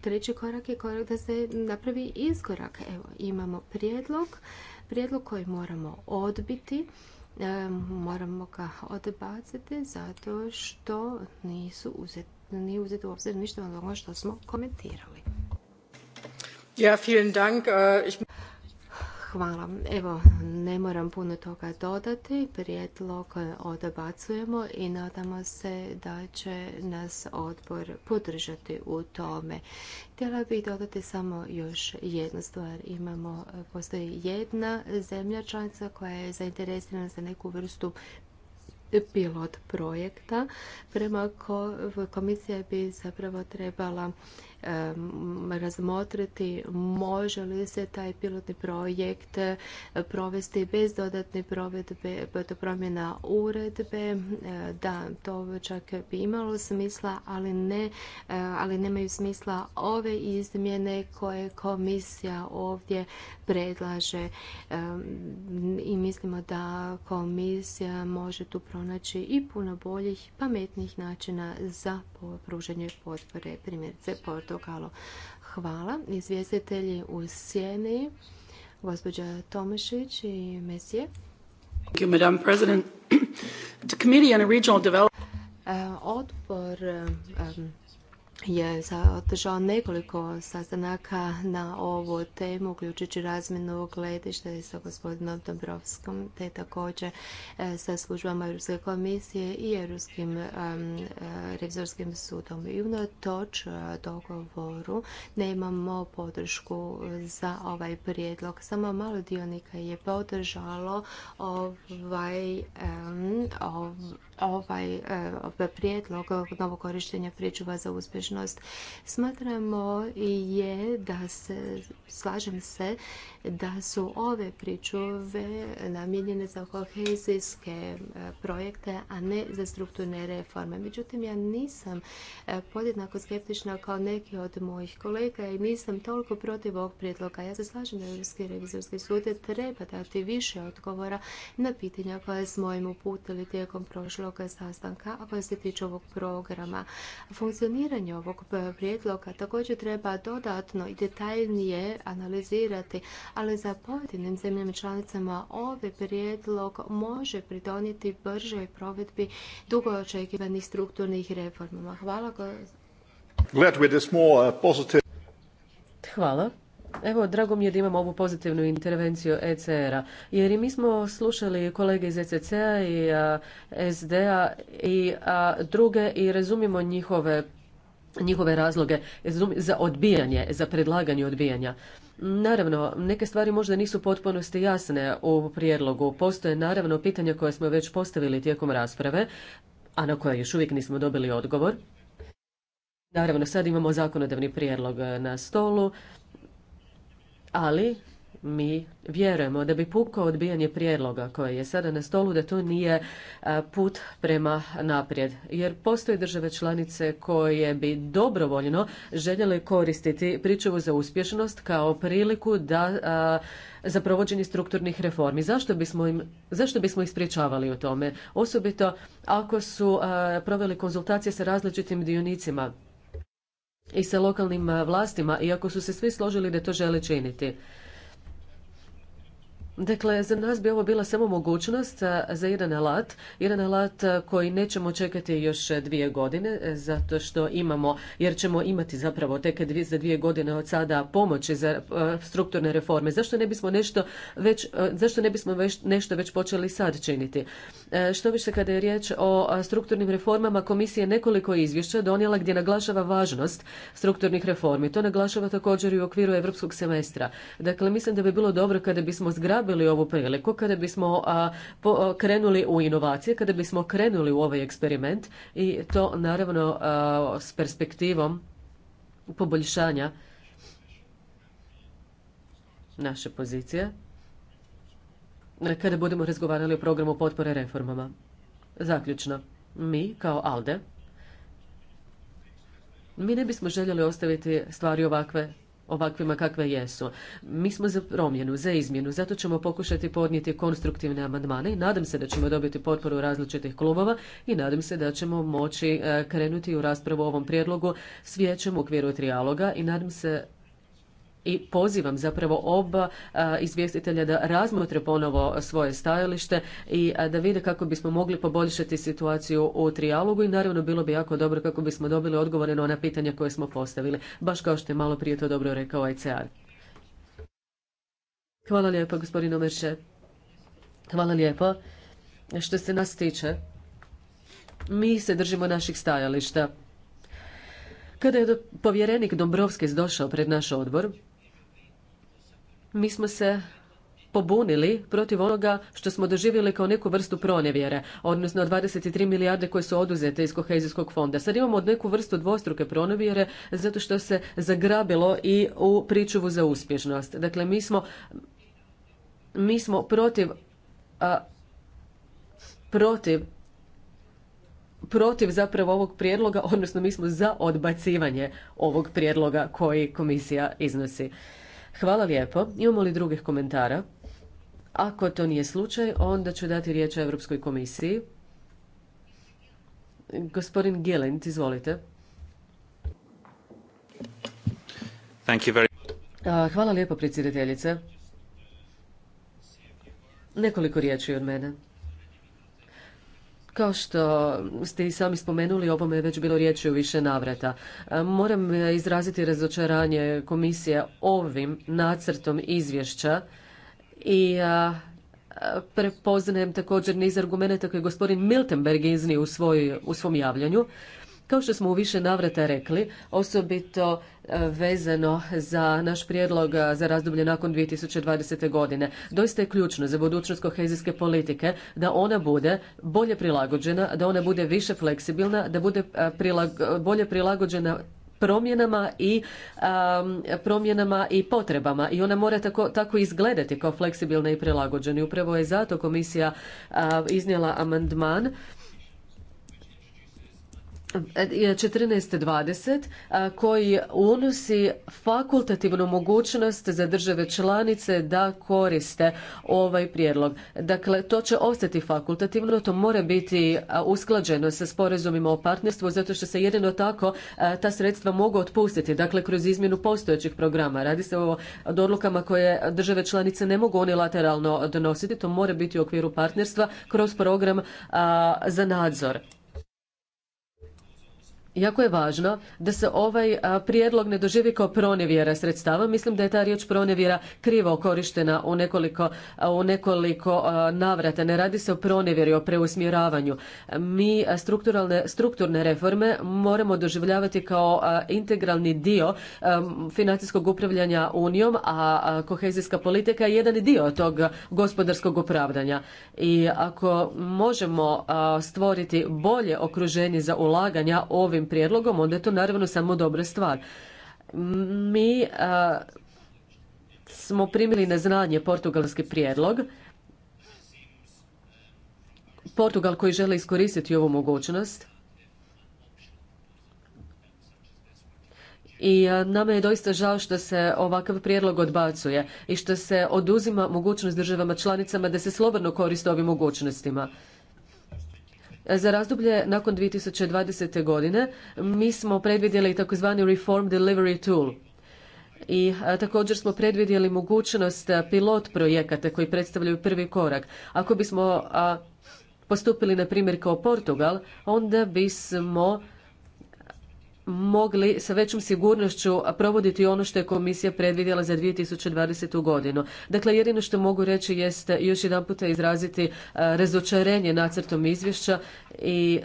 [SPEAKER 1] treći korak je korak da se napravi iskorak. Evo, imamo prijedlog, prijedlog koji moramo odbiti moramo ga odbaciti zato što nisu uzeti nije uzeti u obzir ništa od onoga što smo komentirali. Ja, vielen dank. Äh, Hvala. Evo, ne moram puno toga dodati. Prijedlog odbacujemo i nadamo se da će nas odbor podržati u tome. Htjela bih dodati samo još jednu stvar. Imamo, postoji jedna zemlja članica koja je zainteresirana za neku vrstu pilot projekta prema komisija bi zapravo trebala razmotriti može li se taj pilotni projekt eh, provesti bez dodatne provedbe, promjena uredbe. Eh, da, to čak bi imalo smisla, ali ne, eh, ali nemaju smisla ove izmjene koje komisija ovdje predlaže i mislimo da komisija može tu pronaći i puno boljih, pametnih načina za pružanje potpore primjerice Portugalu lokalu. Hvala. Izvjestitelji u sjeni, gospođa Tomašić i Mesije.
[SPEAKER 2] Thank you, Madam President.
[SPEAKER 1] The Committee on Regional Development... Odbor... Um, je održao nekoliko sastanaka na ovu temu, uključujući razmjenu gledišta sa gospodinom Dobrovskom, te također e, sa službama Europske komisije i Europskim e, revizorskim sudom. I unatoč e, dogovoru nemamo podršku za ovaj prijedlog. Samo malo dionika je podržalo ovaj Ovaj, e, ovaj prijedlog novog korištenja pričuva za uspješnost. Smatramo je da se, slažem se, da su ove pričuve namijenjene za kohezijske e, projekte, a ne za strukturne reforme. Međutim, ja nisam e, podjednako skeptična kao neki od mojih kolega i nisam toliko protiv ovog prijedloga. Ja se slažem da Europski revizorski sud treba dati više odgovora na pitanja koja smo im uputili tijekom prošlog prijedloga sastanka, koji se tiče ovog programa. Funkcioniranje ovog prijedloga također treba dodatno i detaljnije analizirati, ali za pojedinim zemljama članicama ovaj prijedlog može pridoniti bržoj provedbi dugo očekivanih strukturnih reformama. Hvala. Uh,
[SPEAKER 2] Hvala. Evo,
[SPEAKER 1] drago mi je da imamo ovu pozitivnu
[SPEAKER 2] intervenciju ECR-a, jer i mi smo slušali kolege iz ECC-a i SD-a i druge i razumimo njihove, njihove razloge za odbijanje, za predlaganje odbijanja. Naravno, neke stvari možda nisu potpunosti jasne u prijedlogu. Postoje naravno pitanja koje smo već postavili tijekom rasprave, a na koje još uvijek nismo dobili odgovor. Naravno, sad imamo zakonodavni prijedlog e, na stolu ali mi vjerujemo da bi puko odbijanje prijedloga koje je sada na stolu da to nije e, put prema naprijed jer postoje države članice koje bi dobrovoljno željele koristiti pričuvu za uspješnost kao priliku da e, za provođenje strukturnih reformi zašto bismo im zašto bismo ih sprječavali u tome osobito ako su e, proveli konzultacije sa različitim dionicima i sa lokalnim eh, vlastima, iako su se svi složili da to žele činiti. Dakle, za nas bi ovo bila samo mogućnost za jedan alat, jedan alat koji nećemo čekati još dvije godine, e, zato što imamo, jer ćemo imati zapravo tek za dvije godine od sada pomoći za e, strukturne reforme. Zašto ne bismo nešto već, e, zašto ne bismo već, nešto već počeli sad činiti? Što više kada je riječ o strukturnim reformama, komisija je nekoliko izvješća donijela gdje naglašava važnost strukturnih reformi. To naglašava također i u okviru europskog semestra. Dakle, mislim da bi bilo dobro kada bismo zgrabili zlorabili ovu priliku kada bismo krenuli u inovacije, kada bismo krenuli u ovaj eksperiment i to naravno s perspektivom poboljšanja naše pozicije e, kada budemo razgovarali o programu potpore reformama. Zaključno, mi kao ALDE mi ne bismo željeli ostaviti stvari ovakve ovakvima kakve jesu. Mi smo za promjenu, za izmjenu, zato ćemo pokušati podnijeti konstruktivne amandmane i nadam se da ćemo dobiti potporu različitih klubova i nadam se da ćemo moći e, krenuti u raspravu o ovom prijedlogu s vijećem u okviru trijaloga i nadam se i pozivam zapravo oba izvjestitelja da razmotre ponovo svoje stajalište i da vide kako bismo mogli poboljšati situaciju u trijalogu i naravno bilo bi jako dobro kako bismo dobili odgovore na ona pitanja koje smo postavili, baš kao što je malo prije to dobro rekao ICR. Hvala lijepo, Hvala lijepo. Što se nas tiče, mi se držimo naših stajališta. Kada je povjerenik Dombrovskis došao pred naš odbor, mi smo se pobunili protiv onoga što smo doživjeli kao neku vrstu pronevjere, odnosno 23 milijarde koje su oduzete iz kohezijskog fonda. Sad imamo neku vrstu dvostruke pronevjere zato što se zagrabilo i u pričuvu za uspješnost. Dakle, mi smo, mi smo protiv a, protiv protiv zapravo ovog prijedloga, odnosno mi smo za odbacivanje ovog prijedloga koji komisija iznosi. Hvala lijepo. Imamo li drugih komentara? Ako to nije slučaj, onda ću dati riječ Europskoj komisiji. Gospodin Gilent, izvolite. Hvala lijepo, predsjedateljice. Nekoliko riječi od mene. Kao što ste i sami spomenuli, ovome je već bilo riječi u više navrata. E, moram izraziti razočaranje komisije ovim nacrtom izvješća i e, e, prepoznajem također niz argumenata koje je gospodin Miltenberg iznio u svom javljanju kao što smo u više navrata rekli, osobito e, vezano za naš prijedlog e, za razdoblje nakon 2020. godine, doista je ključno za budućnost kohezijske politike da ona bude bolje prilagođena, da ona bude više fleksibilna, da bude e, bolje prilagođena promjenama i promjenama i potrebama i ona mora tako, tako izgledati kao fleksibilna i prilagođena. upravo je zato komisija iznijela amandman 14.20 koji unosi fakultativnu mogućnost za države članice da koriste ovaj prijedlog. Dakle, to će ostati fakultativno, to mora biti usklađeno sa sporazumima o partnerstvu zato što se jedino tako ta sredstva mogu otpustiti, dakle kroz izmjenu postojećih programa. Radi se o odlukama koje države članice ne mogu unilateralno donositi, to mora biti u okviru partnerstva kroz program za nadzor. Jako je važno da se ovaj prijedlog ne doživi kao pronevjera sredstava. Mislim da je ta riječ pronevjera krivo korištena u nekoliko, navrata. Ne radi se o pronevjeri, o preusmjeravanju. Mi strukturalne, strukturne reforme moramo doživljavati kao integralni dio financijskog upravljanja Unijom, a kohezijska politika je jedan dio tog gospodarskog upravljanja. I ako možemo stvoriti bolje okruženje za ulaganja ovim prijedlogom, onda je to naravno samo dobra stvar. Mi smo primili na znanje portugalski prijedlog. Portugal koji žele iskoristiti ovu mogućnost I nama je doista žao što se ovakav prijedlog odbacuje i što se oduzima mogućnost državama članicama da se slobodno koriste ovim mogućnostima. Za razdoblje nakon 2020. godine mi smo predvidjeli takozvani Reform Delivery Tool. I također smo predvidjeli mogućnost pilot projekata koji predstavljaju prvi korak. Ako bismo postupili na primjer kao Portugal, onda bismo mogli sa većom sigurnošću provoditi ono što je komisija predvidjela za 2020. godinu. Dakle, jedino što mogu reći jeste još jedan puta izraziti eh, razočarenje nacrtom izvješća i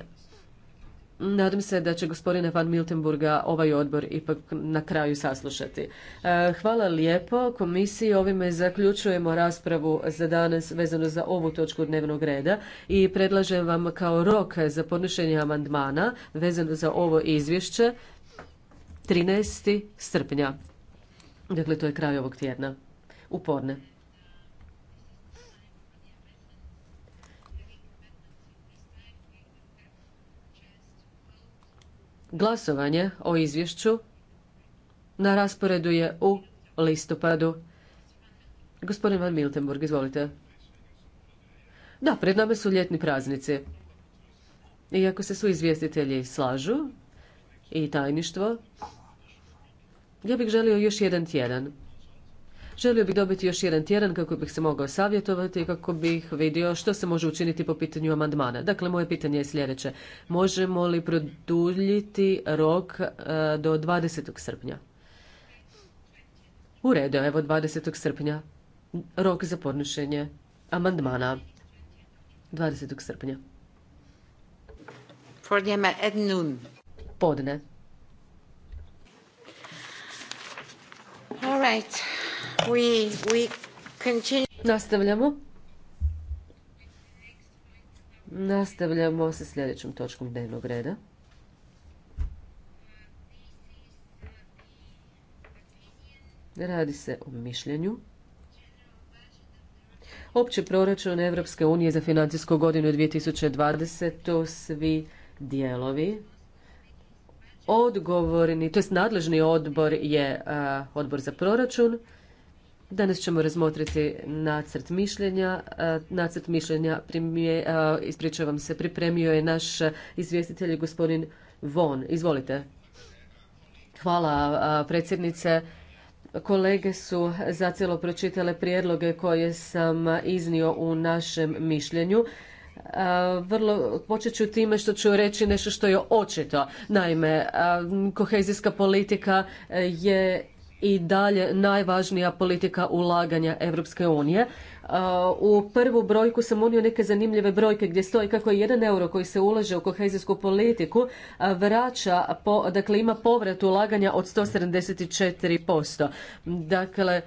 [SPEAKER 2] Nadam se da će gospodina Van Miltenburga ovaj odbor ipak na kraju saslušati. E, hvala lijepo komisiji. Ovime zaključujemo raspravu za danas vezano za ovu točku dnevnog reda i predlažem vam kao rok za podnošenje amandmana vezano za ovo izvješće 13. srpnja. Dakle, to je kraj ovog tjedna. Uporne. Glasovanje o izvješću na rasporedu je u listopadu. Gospodin Van Miltenburg, izvolite. Da, pred nama su ljetni praznici. Iako se su izvjestitelji slažu i tajništvo, ja bih želio još jedan tjedan. Želio bih dobiti još jedan tjedan kako bih se mogao savjetovati i kako bih vidio što se može učiniti po pitanju amandmana. Dakle, moje pitanje je sljedeće. Možemo li produljiti rok e, do 20. srpnja? U redu, evo 20. srpnja. Rok za podnošenje amandmana. 20. srpnja.
[SPEAKER 1] Podne. Nastavljamo. Nastavljamo
[SPEAKER 2] sa sljedećom točkom dnevnog reda. Radi se o mišljenju. opće proračun Evropske unije za financijsku godinu 2020. To svi dijelovi odgovorni, to jest nadležni odbor je odbor za proračun, Danas ćemo razmotriti nacrt mišljenja. E, nacrt mišljenja, e, ispričavam se, pripremio je naš izvjestitelj gospodin Von. Izvolite. Hvala e, predsjednice. Kolege su zacijelo pročitale prijedloge koje sam iznio u našem mišljenju. Vrlo počet ću time što ću reći nešto što je očito. Naime, kohezijska politika je i dalje najvažnija politika ulaganja Europske unije. U prvu brojku sam unio neke zanimljive brojke gdje stoji kako je jedan euro koji se ulaže u kohezijsku politiku vraća, dakle ima povrat ulaganja od 174%. Dakle,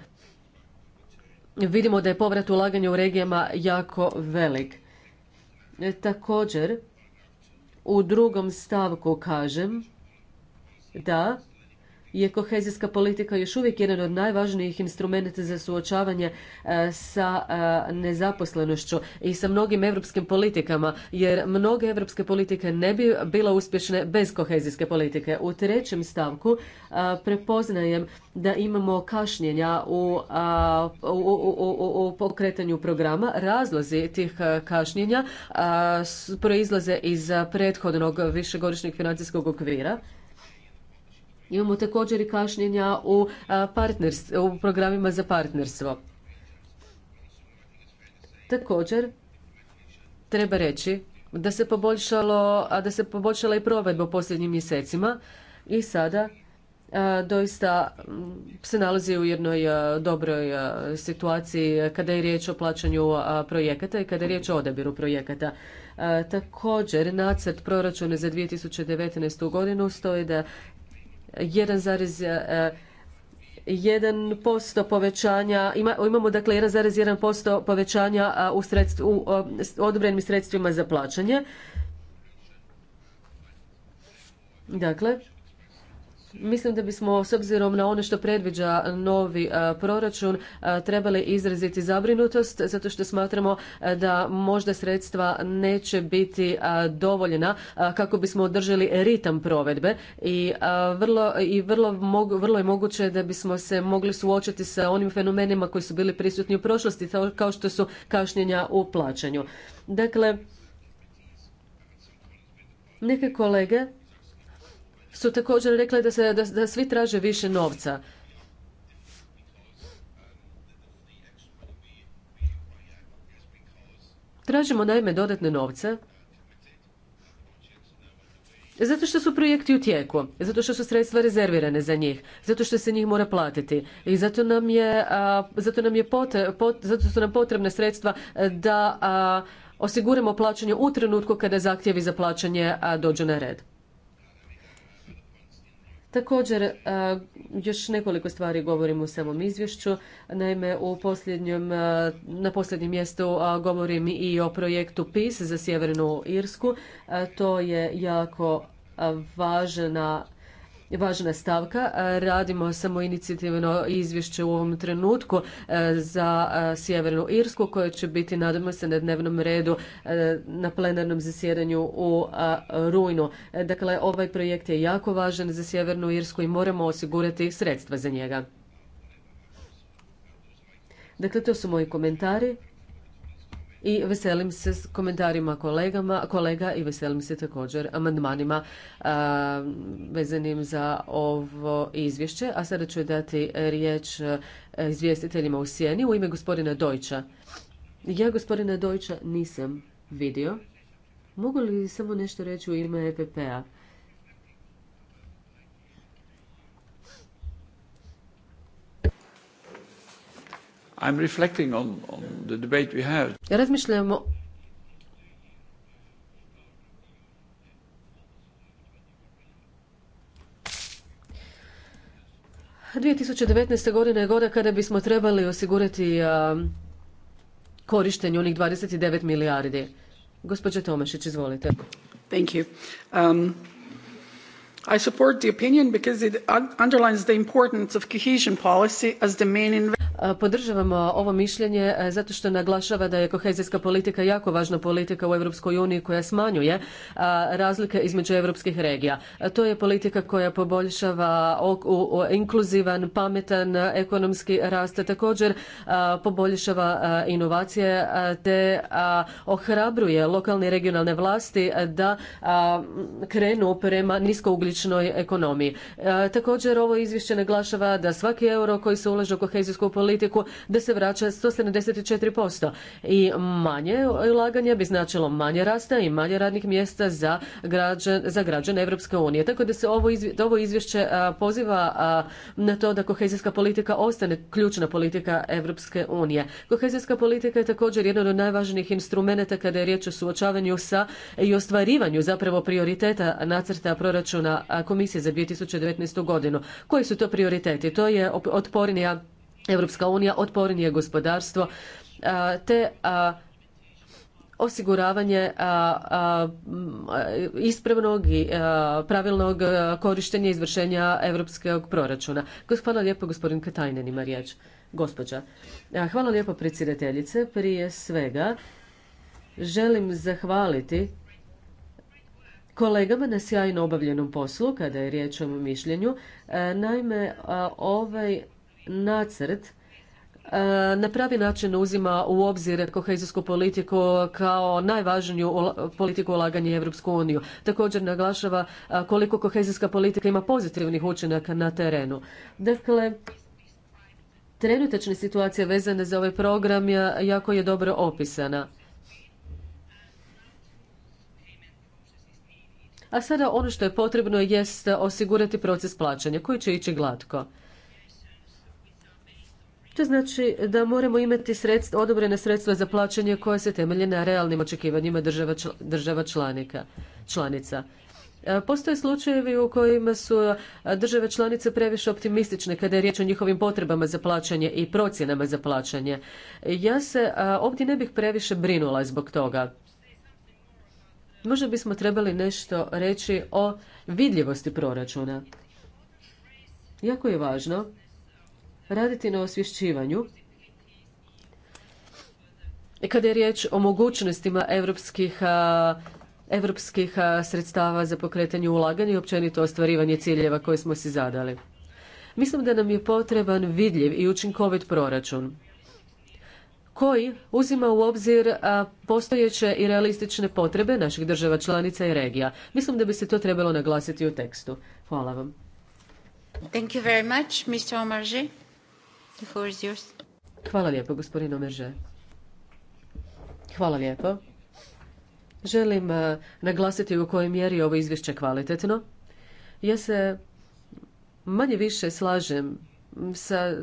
[SPEAKER 2] vidimo da je povrat ulaganja u regijama jako velik. E, također, u drugom stavku kažem da je kohezijska politika još uvijek jedan od najvažnijih instrumenata za suočavanje e, sa e, nezaposlenošću i sa mnogim europskim politikama, jer mnoge europske politike ne bi bila uspješne bez kohezijske politike. U trećem stavku e, prepoznajem da imamo kašnjenja u, u pokretanju programa. Razlozi tih kašnjenja proizlaze iz prethodnog višegodišnjeg financijskog okvira Imamo također i kašnjenja u, u programima za partnerstvo. Također, treba reći da se poboljšalo, a da se poboljšala i provedba u posljednjim mjesecima i sada doista mm, se nalazi u jednoj dobroj situaciji kada je riječ o plaćanju projekata i kada je riječ o odabiru projekata. Također, nacrt proračuna za 2019. godinu stoji da 1,1% povećanja, imamo dakle 1,1% povećanja u, sredstvu, u odobrenim sredstvima za plaćanje. Dakle, Mislim da bismo s obzirom na ono što predviđa novi e, proračun e, trebali izraziti zabrinutost zato što smatramo e, da možda sredstva neće biti dovoljena kako bismo održali ritam provedbe i vrlo, i vrlo, vrlo je moguće da bismo se mogli suočiti sa onim fenomenima koji su bili prisutni u prošlosti kao što su kašnjenja u plaćanju. Dakle, neke kolege su također rekli da, se, da, svi traže više novca. Tražimo naime dodatne novce zato što su projekti u tijeku, zato što su sredstva rezervirane za njih, zato što se njih mora platiti i zato nam je, zato nam je zato su nam potrebne sredstva da osiguramo plaćanje u trenutku kada zahtjevi za plaćanje dođu na red. Također, e, još nekoliko stvari govorim u samom izvješću. Naime, u posljednjem, e, na posljednjem mjestu govorim i o projektu PIS za Sjevernu Irsku. E, to je jako važna važna stavka. E, radimo samo inicijativno izvješće u ovom trenutku e, za e, Sjevernu Irsku koje će biti, nadamo se, na dnevnom redu na plenarnom zasjedanju u rujnu. Dakle, ovaj projekt je jako važan za Sjevernu Irsku i moramo osigurati sredstva za njega. Dakle, to su moji komentari i veselim se s komentarima kolegama, kolega i veselim se također amandmanima vezanim za ovo izvješće. A sada ću dati riječ izvjestiteljima u sjeni u ime gospodina Dojča. Ja gospodina Dojča nisam vidio. Mogu li samo nešto reći u ime EPP-a?
[SPEAKER 3] I'm reflecting on,
[SPEAKER 1] on the debate we have.
[SPEAKER 2] Ja dvije tisuće devetnaest je godina kada bismo trebali osigurati korištenje onih 29 milijardi Gospođa tomašić izvolite Thank you. Um, I support the opinion because it underlines the importance of cohesion policy as the main E, podržavamo ovo mišljenje e, zato što naglašava da je kohezijska politika jako važna politika u Europskoj uniji koja smanjuje e, razlike između europskih regija. To je politika koja poboljšava inkluzivan, pametan ekonomski rast, također poboljšava inovacije te ohrabruje lokalne i regionalne vlasti da krenu prema niskougljičnoj ekonomiji. Također ovo izvješće naglašava da svaki euro koji se ulaže u kohezijsku politiku politiku da se vraća 174%. I manje ulaganja bi značilo manje rasta i manje radnih mjesta za građane, za građane Europske unije. Tako da se ovo, izvje, ovo izvješće poziva na to da kohezijska politika ostane ključna politika Europske unije. Kohezijska politika je također jedan od najvažnijih instrumenata kada je riječ o suočavanju sa i ostvarivanju zapravo prioriteta nacrta proračuna komisije za 2019. godinu. Koji su to prioriteti? To je otpornija Europska unija otpornije gospodarstvo te osiguravanje ispravnog i pravilnog korištenja izvršenja europskog proračuna. Hvala lijepo gospodin Katajnen ima riječ. Gospođa. Hvala lijepo predsjedateljice. Prije svega želim zahvaliti kolegama na sjajno obavljenom poslu kada je riječ o mišljenju. E, naime, ovaj nacrt e, na pravi način uzima u obzir kohezijsku politiku kao najvažniju politiku ulaganja u Europsku uniju. Također naglašava e, koliko kohezijska politika ima pozitivnih učinaka na terenu. Dakle, trenutačna situacija vezana za ovaj program jako je dobro opisana. A sada ono što je potrebno jest osigurati proces plaćanja koji će ići glatko. To znači da moramo imati sredstva, odobrene sredstva za plaćanje koje se temelje na realnim očekivanjima država, članica. E, postoje slučajevi u kojima su e, države članice previše optimistične kada je riječ o njihovim potrebama za plaćanje i procjenama za plaćanje. Ja se e, ovdje ne bih previše brinula zbog toga. Možda bismo trebali nešto reći o vidljivosti proračuna. Jako je važno raditi na osvješćivanju kada je riječ o mogućnostima europskih europskih sredstava za pokretanje ulaganja i općenito ostvarivanje ciljeva koje smo si zadali. Mislim da nam je potreban vidljiv i učinkovit proračun koji uzima u obzir postojeće i realistične potrebe naših država članica i regija. Mislim da bi se to trebalo naglasiti u tekstu. Hvala vam.
[SPEAKER 3] Thank you
[SPEAKER 1] very much, Mr.
[SPEAKER 2] Hvala lijepo, gospodine Omerže. Hvala lijepo. Želim eh, naglasiti u kojoj mjeri ovo izvješće kvalitetno. Ja se manje više slažem sa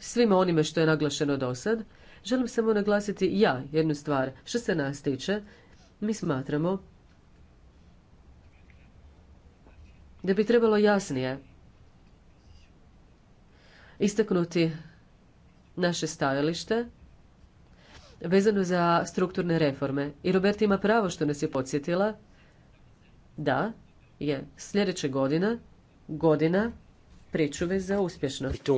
[SPEAKER 2] svima onime što je naglašeno do sad. Želim samo naglasiti ja jednu stvar. Što se nas tiče, mi smatramo da bi trebalo jasnije istaknuti naše stajalište vezano za strukturne reforme. I Robert ima pravo što nas je podsjetila da je sljedeća godina godina pričuve za uspješnost. E,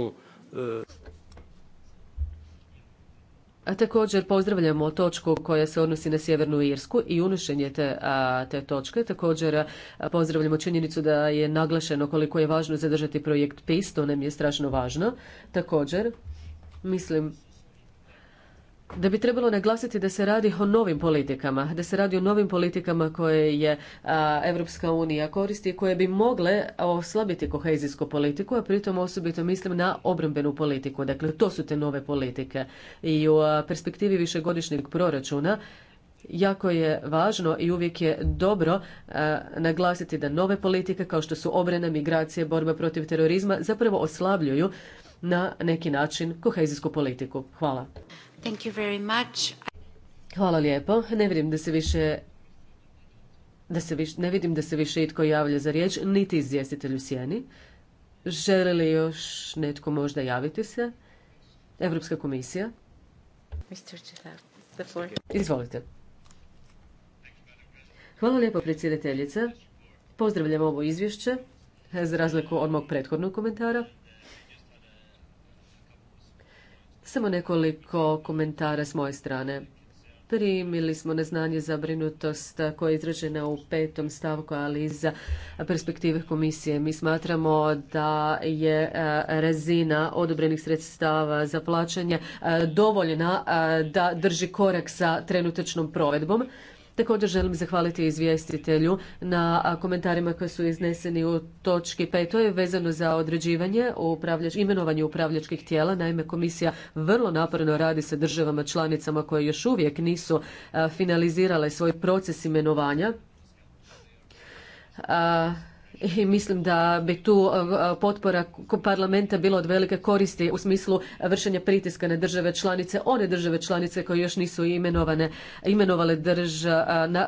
[SPEAKER 2] a također pozdravljamo točku koja se odnosi na Sjevernu Irsku i unošenje te, te točke. Također pozdravljamo činjenicu da je naglašeno koliko je važno zadržati projekt PIS, to nam je strašno važno. Također mislim da bi trebalo naglasiti da se radi o novim politikama, da se radi o novim politikama koje je Europska unija koristi i koje bi mogle oslabiti kohezijsku politiku, a pritom osobito mislim na obrambenu politiku. Dakle, to su te nove politike. I u perspektivi višegodišnjeg proračuna Jako je važno i uvijek je dobro naglasiti da nove politike kao što su obrana, migracije, borba protiv terorizma zapravo oslabljuju na neki način kohezijsku politiku. Hvala. Thank Hvala lijepo. Ne vidim da se više ne vidim da se više itko javlja za riječ, niti izvjestitelj u sjeni. Želi li još netko možda javiti se? Europska komisija. Izvolite. Hvala lijepo predsjedateljice. Pozdravljam ovo izvješće, za razliku od mog prethodnog komentara. Samo nekoliko komentara s moje strane. Primili smo na znanje zabrinutost koja je izražena u petom stavku, ali za perspektive komisije. Mi smatramo da je e, razina odobrenih sredstava za plaćanje e, dovoljna e, da drži korak sa trenutačnom provedbom Također želim zahvaliti izvjestitelju na komentarima koji su izneseni u točki 5. To je vezano za određivanje upravljač, imenovanje upravljačkih tijela. Naime, komisija vrlo naporno radi sa državama članicama koje još uvijek nisu finalizirale svoj proces imenovanja i mislim da bi tu e, e, potpora parlamenta bila od velike koristi u smislu vršenja pritiska na države članice, one države članice koje još nisu imenovane, imenovale drža, e,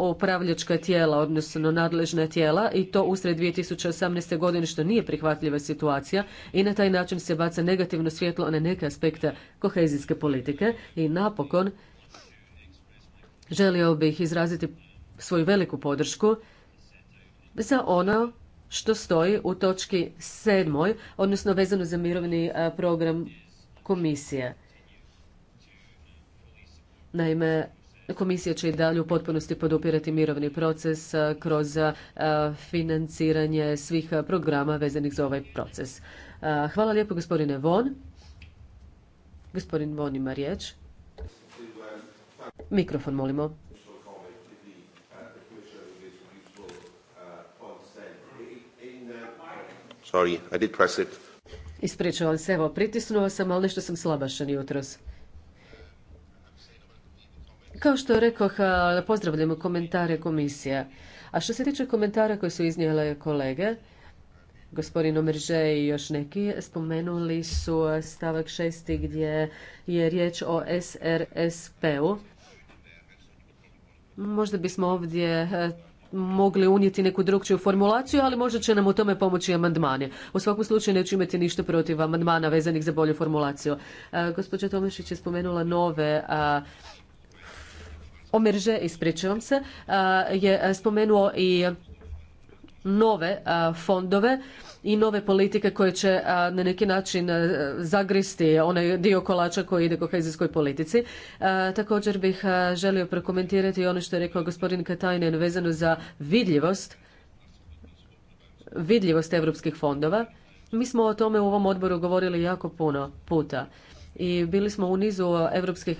[SPEAKER 2] upravljačka tijela, odnosno nadležna tijela i to usred 2018. godine što nije prihvatljiva situacija i na taj način se baca negativno svjetlo na neke aspekte kohezijske politike i napokon želio bih izraziti svoju veliku podršku za ono što stoji u točki sedmoj, odnosno vezano za mirovni e, program komisije. Naime, Komisija će i dalje u potpunosti podupirati mirovni proces e, kroz e, financiranje svih programa vezanih za ovaj proces. Hvala lijepo gospodine Von. Gospodin Von ima riječ. Mikrofon molimo. Sorry, Ispričavam se, evo, pritisnuo sam, ali nešto sam slabašan jutros. Kao što rekoh, pozdravljamo komentare komisije. A što se tiče komentara koje su iznijele kolege, gospodin Omerže i još neki, spomenuli su stavak šesti gdje je riječ o SRSP-u. Možda bismo ovdje mogli unijeti neku drugčiju formulaciju, ali možda će nam u tome pomoći amandmane. U svakom slučaju neću imati ništa protiv amandmana vezanih za bolju formulaciju. E, gospođa Tomišić je spomenula nove Omerže, ispričavam se, je spomenuo i nove fondove i nove politike koje će na neki način zagristi onaj dio kolača koji ide kohezijskoj politici. Također bih želio prokomentirati ono što je rekao gospodin Katajnen vezano za vidljivost vidljivost europskih fondova. Mi smo o tome u ovom odboru govorili jako puno puta i bili smo u nizu europskih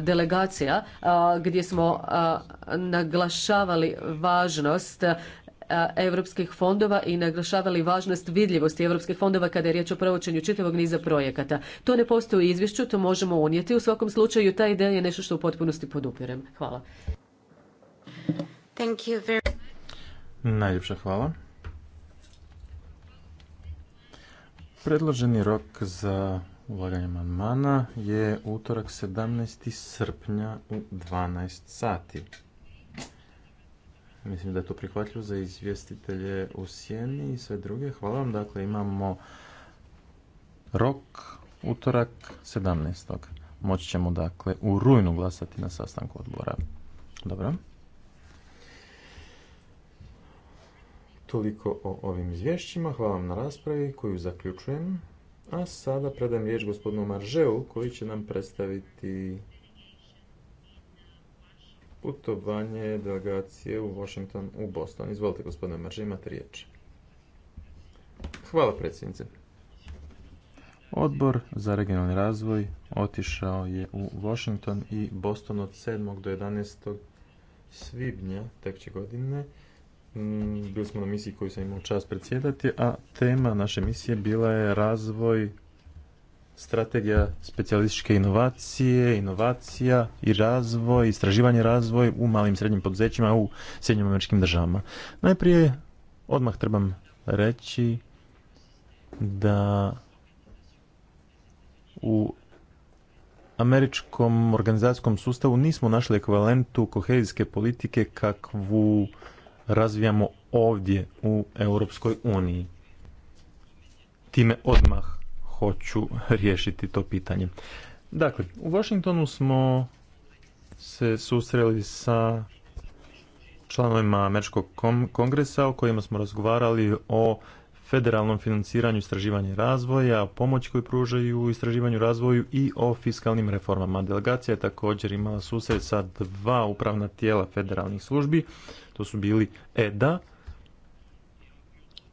[SPEAKER 2] delegacija gdje smo naglašavali važnost europskih fondova i naglašavali važnost vidljivosti europskih fondova kada je riječ o provođenju čitavog niza projekata. To ne postoji u izvješću, to možemo unijeti. U svakom slučaju ta ideja je nešto što u potpunosti podupirem. Hvala.
[SPEAKER 3] Najljepša hvala. Predloženi rok za ulaganje manmana je utorak 17. srpnja u 12 sati. Mislim da je to prihvatljivo za izvjestitelje u sjeni i sve druge. Hvala vam. Dakle, imamo rok, utorak 17. Moći ćemo dakle u rujnu glasati na sastanku odbora. Dobro. Toliko o ovim izvješćima. Hvala vam na raspravi koju zaključujem. A sada predam riječ gospodinu Maržeu koji će nam predstaviti putovanje delegacije u Washington u Boston. Izvolite gospodine Marži, imate riječ. Hvala predsjednice. Odbor za regionalni razvoj otišao je u Washington i Boston od 7. do 11. svibnja tekće godine. Mm, bili smo na misiji koju sam imao čas predsjedati, a tema naše misije bila je razvoj strategija specijalističke inovacije, inovacija i razvoj, istraživanje razvoj u malim i srednjim poduzećima u Sjednjim američkim državama. Najprije odmah trebam reći da u američkom organizacijskom sustavu nismo našli ekvivalentu kohezijske politike kakvu razvijamo ovdje u Europskoj uniji. Time odmah hoću riješiti to pitanje. Dakle, u Washingtonu smo se susreli sa članovima Američkog kongresa o kojima smo razgovarali o federalnom financiranju istraživanja i razvoja, o pomoći koju pružaju u istraživanju i razvoju i o fiskalnim reformama. Delegacija je također imala susret sa dva upravna tijela federalnih službi, to su bili EDA,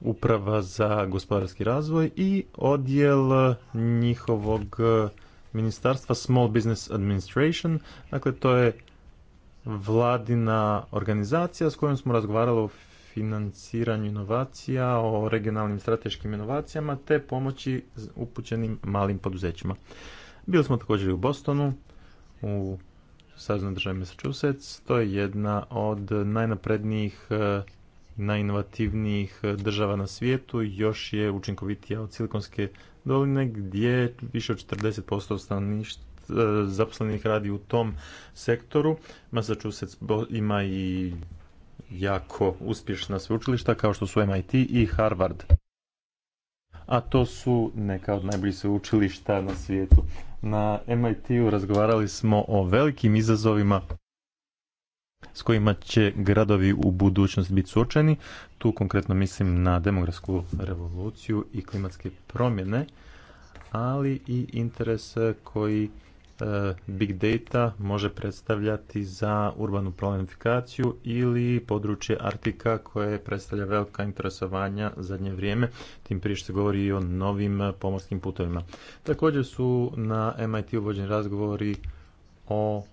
[SPEAKER 3] uprava za gospodarski razvoj i odjel njihovog ministarstva Small Business Administration. Dakle, to je vladina organizacija s kojom smo razgovarali o financiranju inovacija, o regionalnim strateškim inovacijama te pomoći upućenim malim poduzećima. Bili smo također i u Bostonu, u saveznoj državi Massachusetts. To je jedna od najnaprednijih eh, najinovativnijih e, država na svijetu, još je učinkovitija od Silikonske doline gdje više od 40% stanovništva e, zaposlenih radi u tom sektoru. Massachusetts ima i jako uspješna sveučilišta kao što su MIT i Harvard. A to su neka od najboljih sveučilišta na svijetu. Na MIT-u razgovarali smo o velikim izazovima s kojima će gradovi u budućnosti biti suočeni. Tu konkretno mislim na demografsku revoluciju i klimatske promjene, ali i interes koji e, big data može predstavljati za urbanu planifikaciju ili područje Artika koje predstavlja velika interesovanja zadnje vrijeme, tim prije što se govori i o novim pomorskim putovima. Također su na MIT uvođeni razgovori o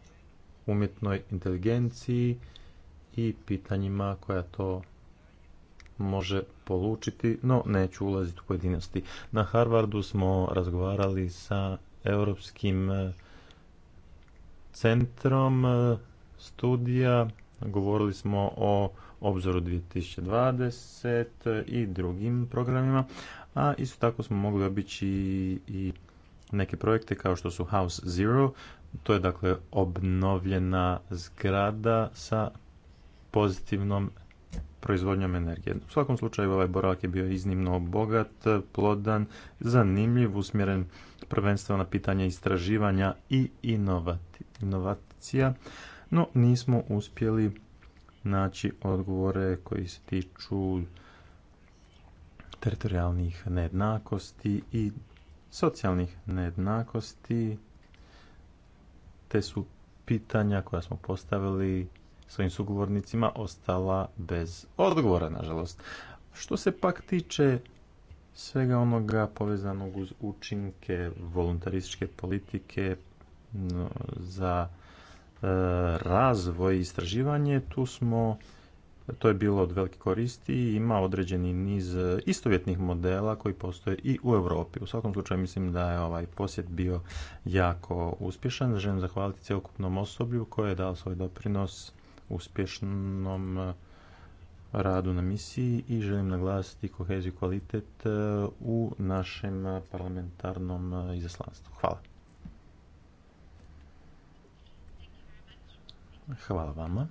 [SPEAKER 3] umjetnoj inteligenciji i pitanjima koja to može polučiti, no neću ulaziti u pojedinosti. Na Harvardu smo razgovarali sa Europskim e, centrom e, studija, govorili smo o obzoru 2020 e, i drugim programima, a isto tako smo mogli obići i neke projekte kao što su House Zero, to je dakle obnovljena zgrada sa pozitivnom proizvodnjom energije. U svakom slučaju ovaj boravak je bio iznimno bogat, plodan, zanimljiv, usmjeren prvenstveno na pitanje istraživanja i inovacija, no nismo uspjeli naći odgovore koji se tiču teritorijalnih nejednakosti i socijalnih nejednakosti te su pitanja koja smo postavili svojim sugovornicima ostala bez odgovora, nažalost. Što se pak tiče svega onoga povezanog uz učinke voluntarističke politike za e, razvoj i istraživanje, tu smo to je bilo od velike koristi i ima određeni niz e, istovjetnih modela koji postoje i u Europi. U svakom slučaju mislim da je ovaj posjet bio jako uspješan. Želim zahvaliti cjelokupnom osoblju koje je dao svoj doprinos uspješnom e, radu na misiji i želim naglasiti koheziju kvalitet e, u našem parlamentarnom izaslanstvu. Hvala. Hvala vama.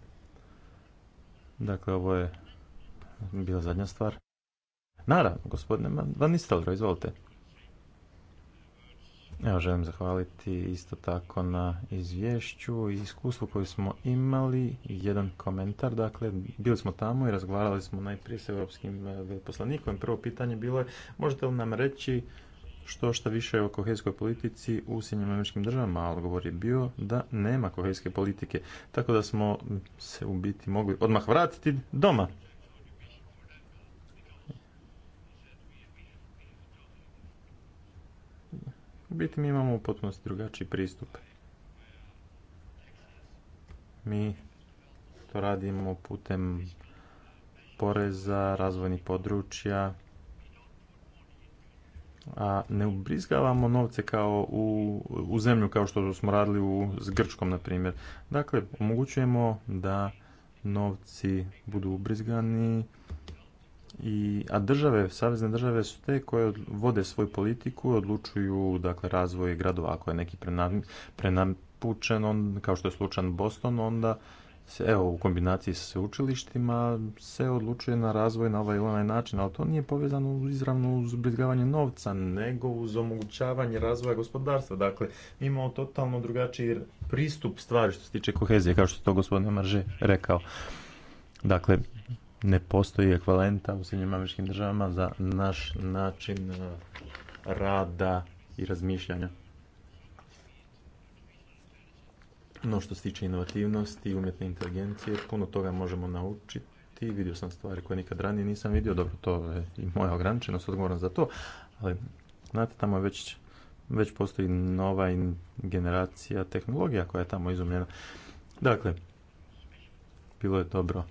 [SPEAKER 3] Dakle, ovo je bila zadnja stvar. Nara, gospodine Van Nistelro, izvolite. Evo, želim zahvaliti isto tako na izvješću i iskustvu koju smo imali. Jedan komentar, dakle, bili smo tamo i razgovarali smo najprije s europskim eh, veleposlanikom. Prvo pitanje bilo je, možete li nam reći što šta više o kohezijskoj politici u Sjednjim američkim državama, ali govor je bio da nema kohezijske politike. Tako da smo se u biti mogli odmah vratiti doma. U biti mi imamo u potpunosti drugačiji pristup. Mi to radimo putem poreza, razvojnih područja, a ne ubrizgavamo novce kao u, u zemlju kao što smo radili u, s Grčkom, na primjer. Dakle, omogućujemo da novci budu ubrizgani, i, a države, savezne države su te koje vode svoju politiku, odlučuju dakle, razvoj gradova. Ako je neki prenapučen, on, kao što je slučan Boston, onda se, evo, u kombinaciji sa učilištima se odlučuje na razvoj na ovaj ili onaj način, ali to nije povezano izravno uz obrizgavanje novca, nego uz omogućavanje razvoja gospodarstva. Dakle, mi imamo totalno drugačiji pristup stvari što se tiče kohezije, kao što je to gospodin Marže rekao. Dakle, ne postoji ekvalenta u Sjednjim američkim državama za naš način eh, rada i razmišljanja. No što se tiče inovativnosti i umjetne inteligencije, puno toga možemo naučiti. Vidio sam stvari koje nikad ranije nisam vidio. Dobro, to je i moja ograničenost odgovoram za to. Ali, znate, tamo već, postoji nova generacija tehnologija koja je tamo izumljena. Dakle, bilo je dobro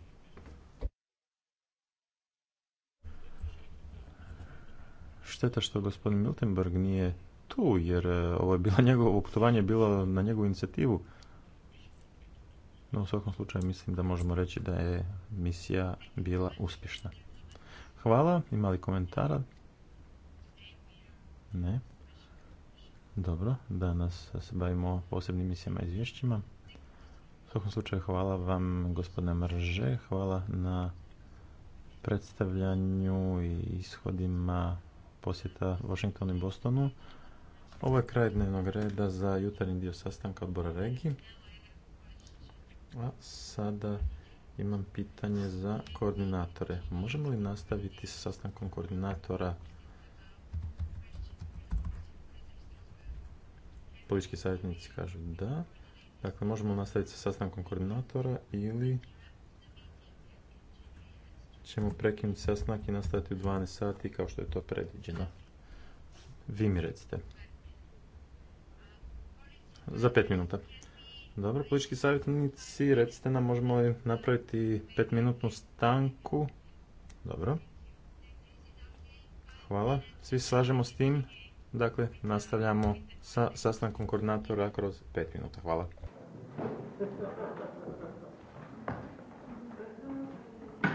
[SPEAKER 3] šteta što gospodin Miltenberg nije tu, jer eh, ovo je bilo njegovo putovanje bilo na njegovu inicijativu. No u svakom slučaju mislim da možemo reći da je misija bila uspješna. Hvala, imali komentara? Ne. Dobro, danas se bavimo posebnim misijama i izvješćima. U svakom slučaju hvala vam gospodine Mrže, hvala na predstavljanju i ishodima posjeta Washingtonu i Bostonu. Ovo je kraj dnevnog reda za jutarnji dio sastanka odbora regije. A sada imam pitanje za koordinatore. Možemo li nastaviti sa sastankom koordinatora politički savjetnici kažu da. Dakle, možemo nastaviti sa sastankom koordinatora ili ćemo prekinuti sastanak i nastaviti u 12 sati kao što je to predviđeno. Vi mi recite. Za 5 minuta. Dobro, politički savjetnici, recite nam možemo li napraviti petminutnu stanku. Dobro. Hvala. Svi slažemo s tim. Dakle, nastavljamo sa sastankom koordinatora kroz pet minuta. Hvala.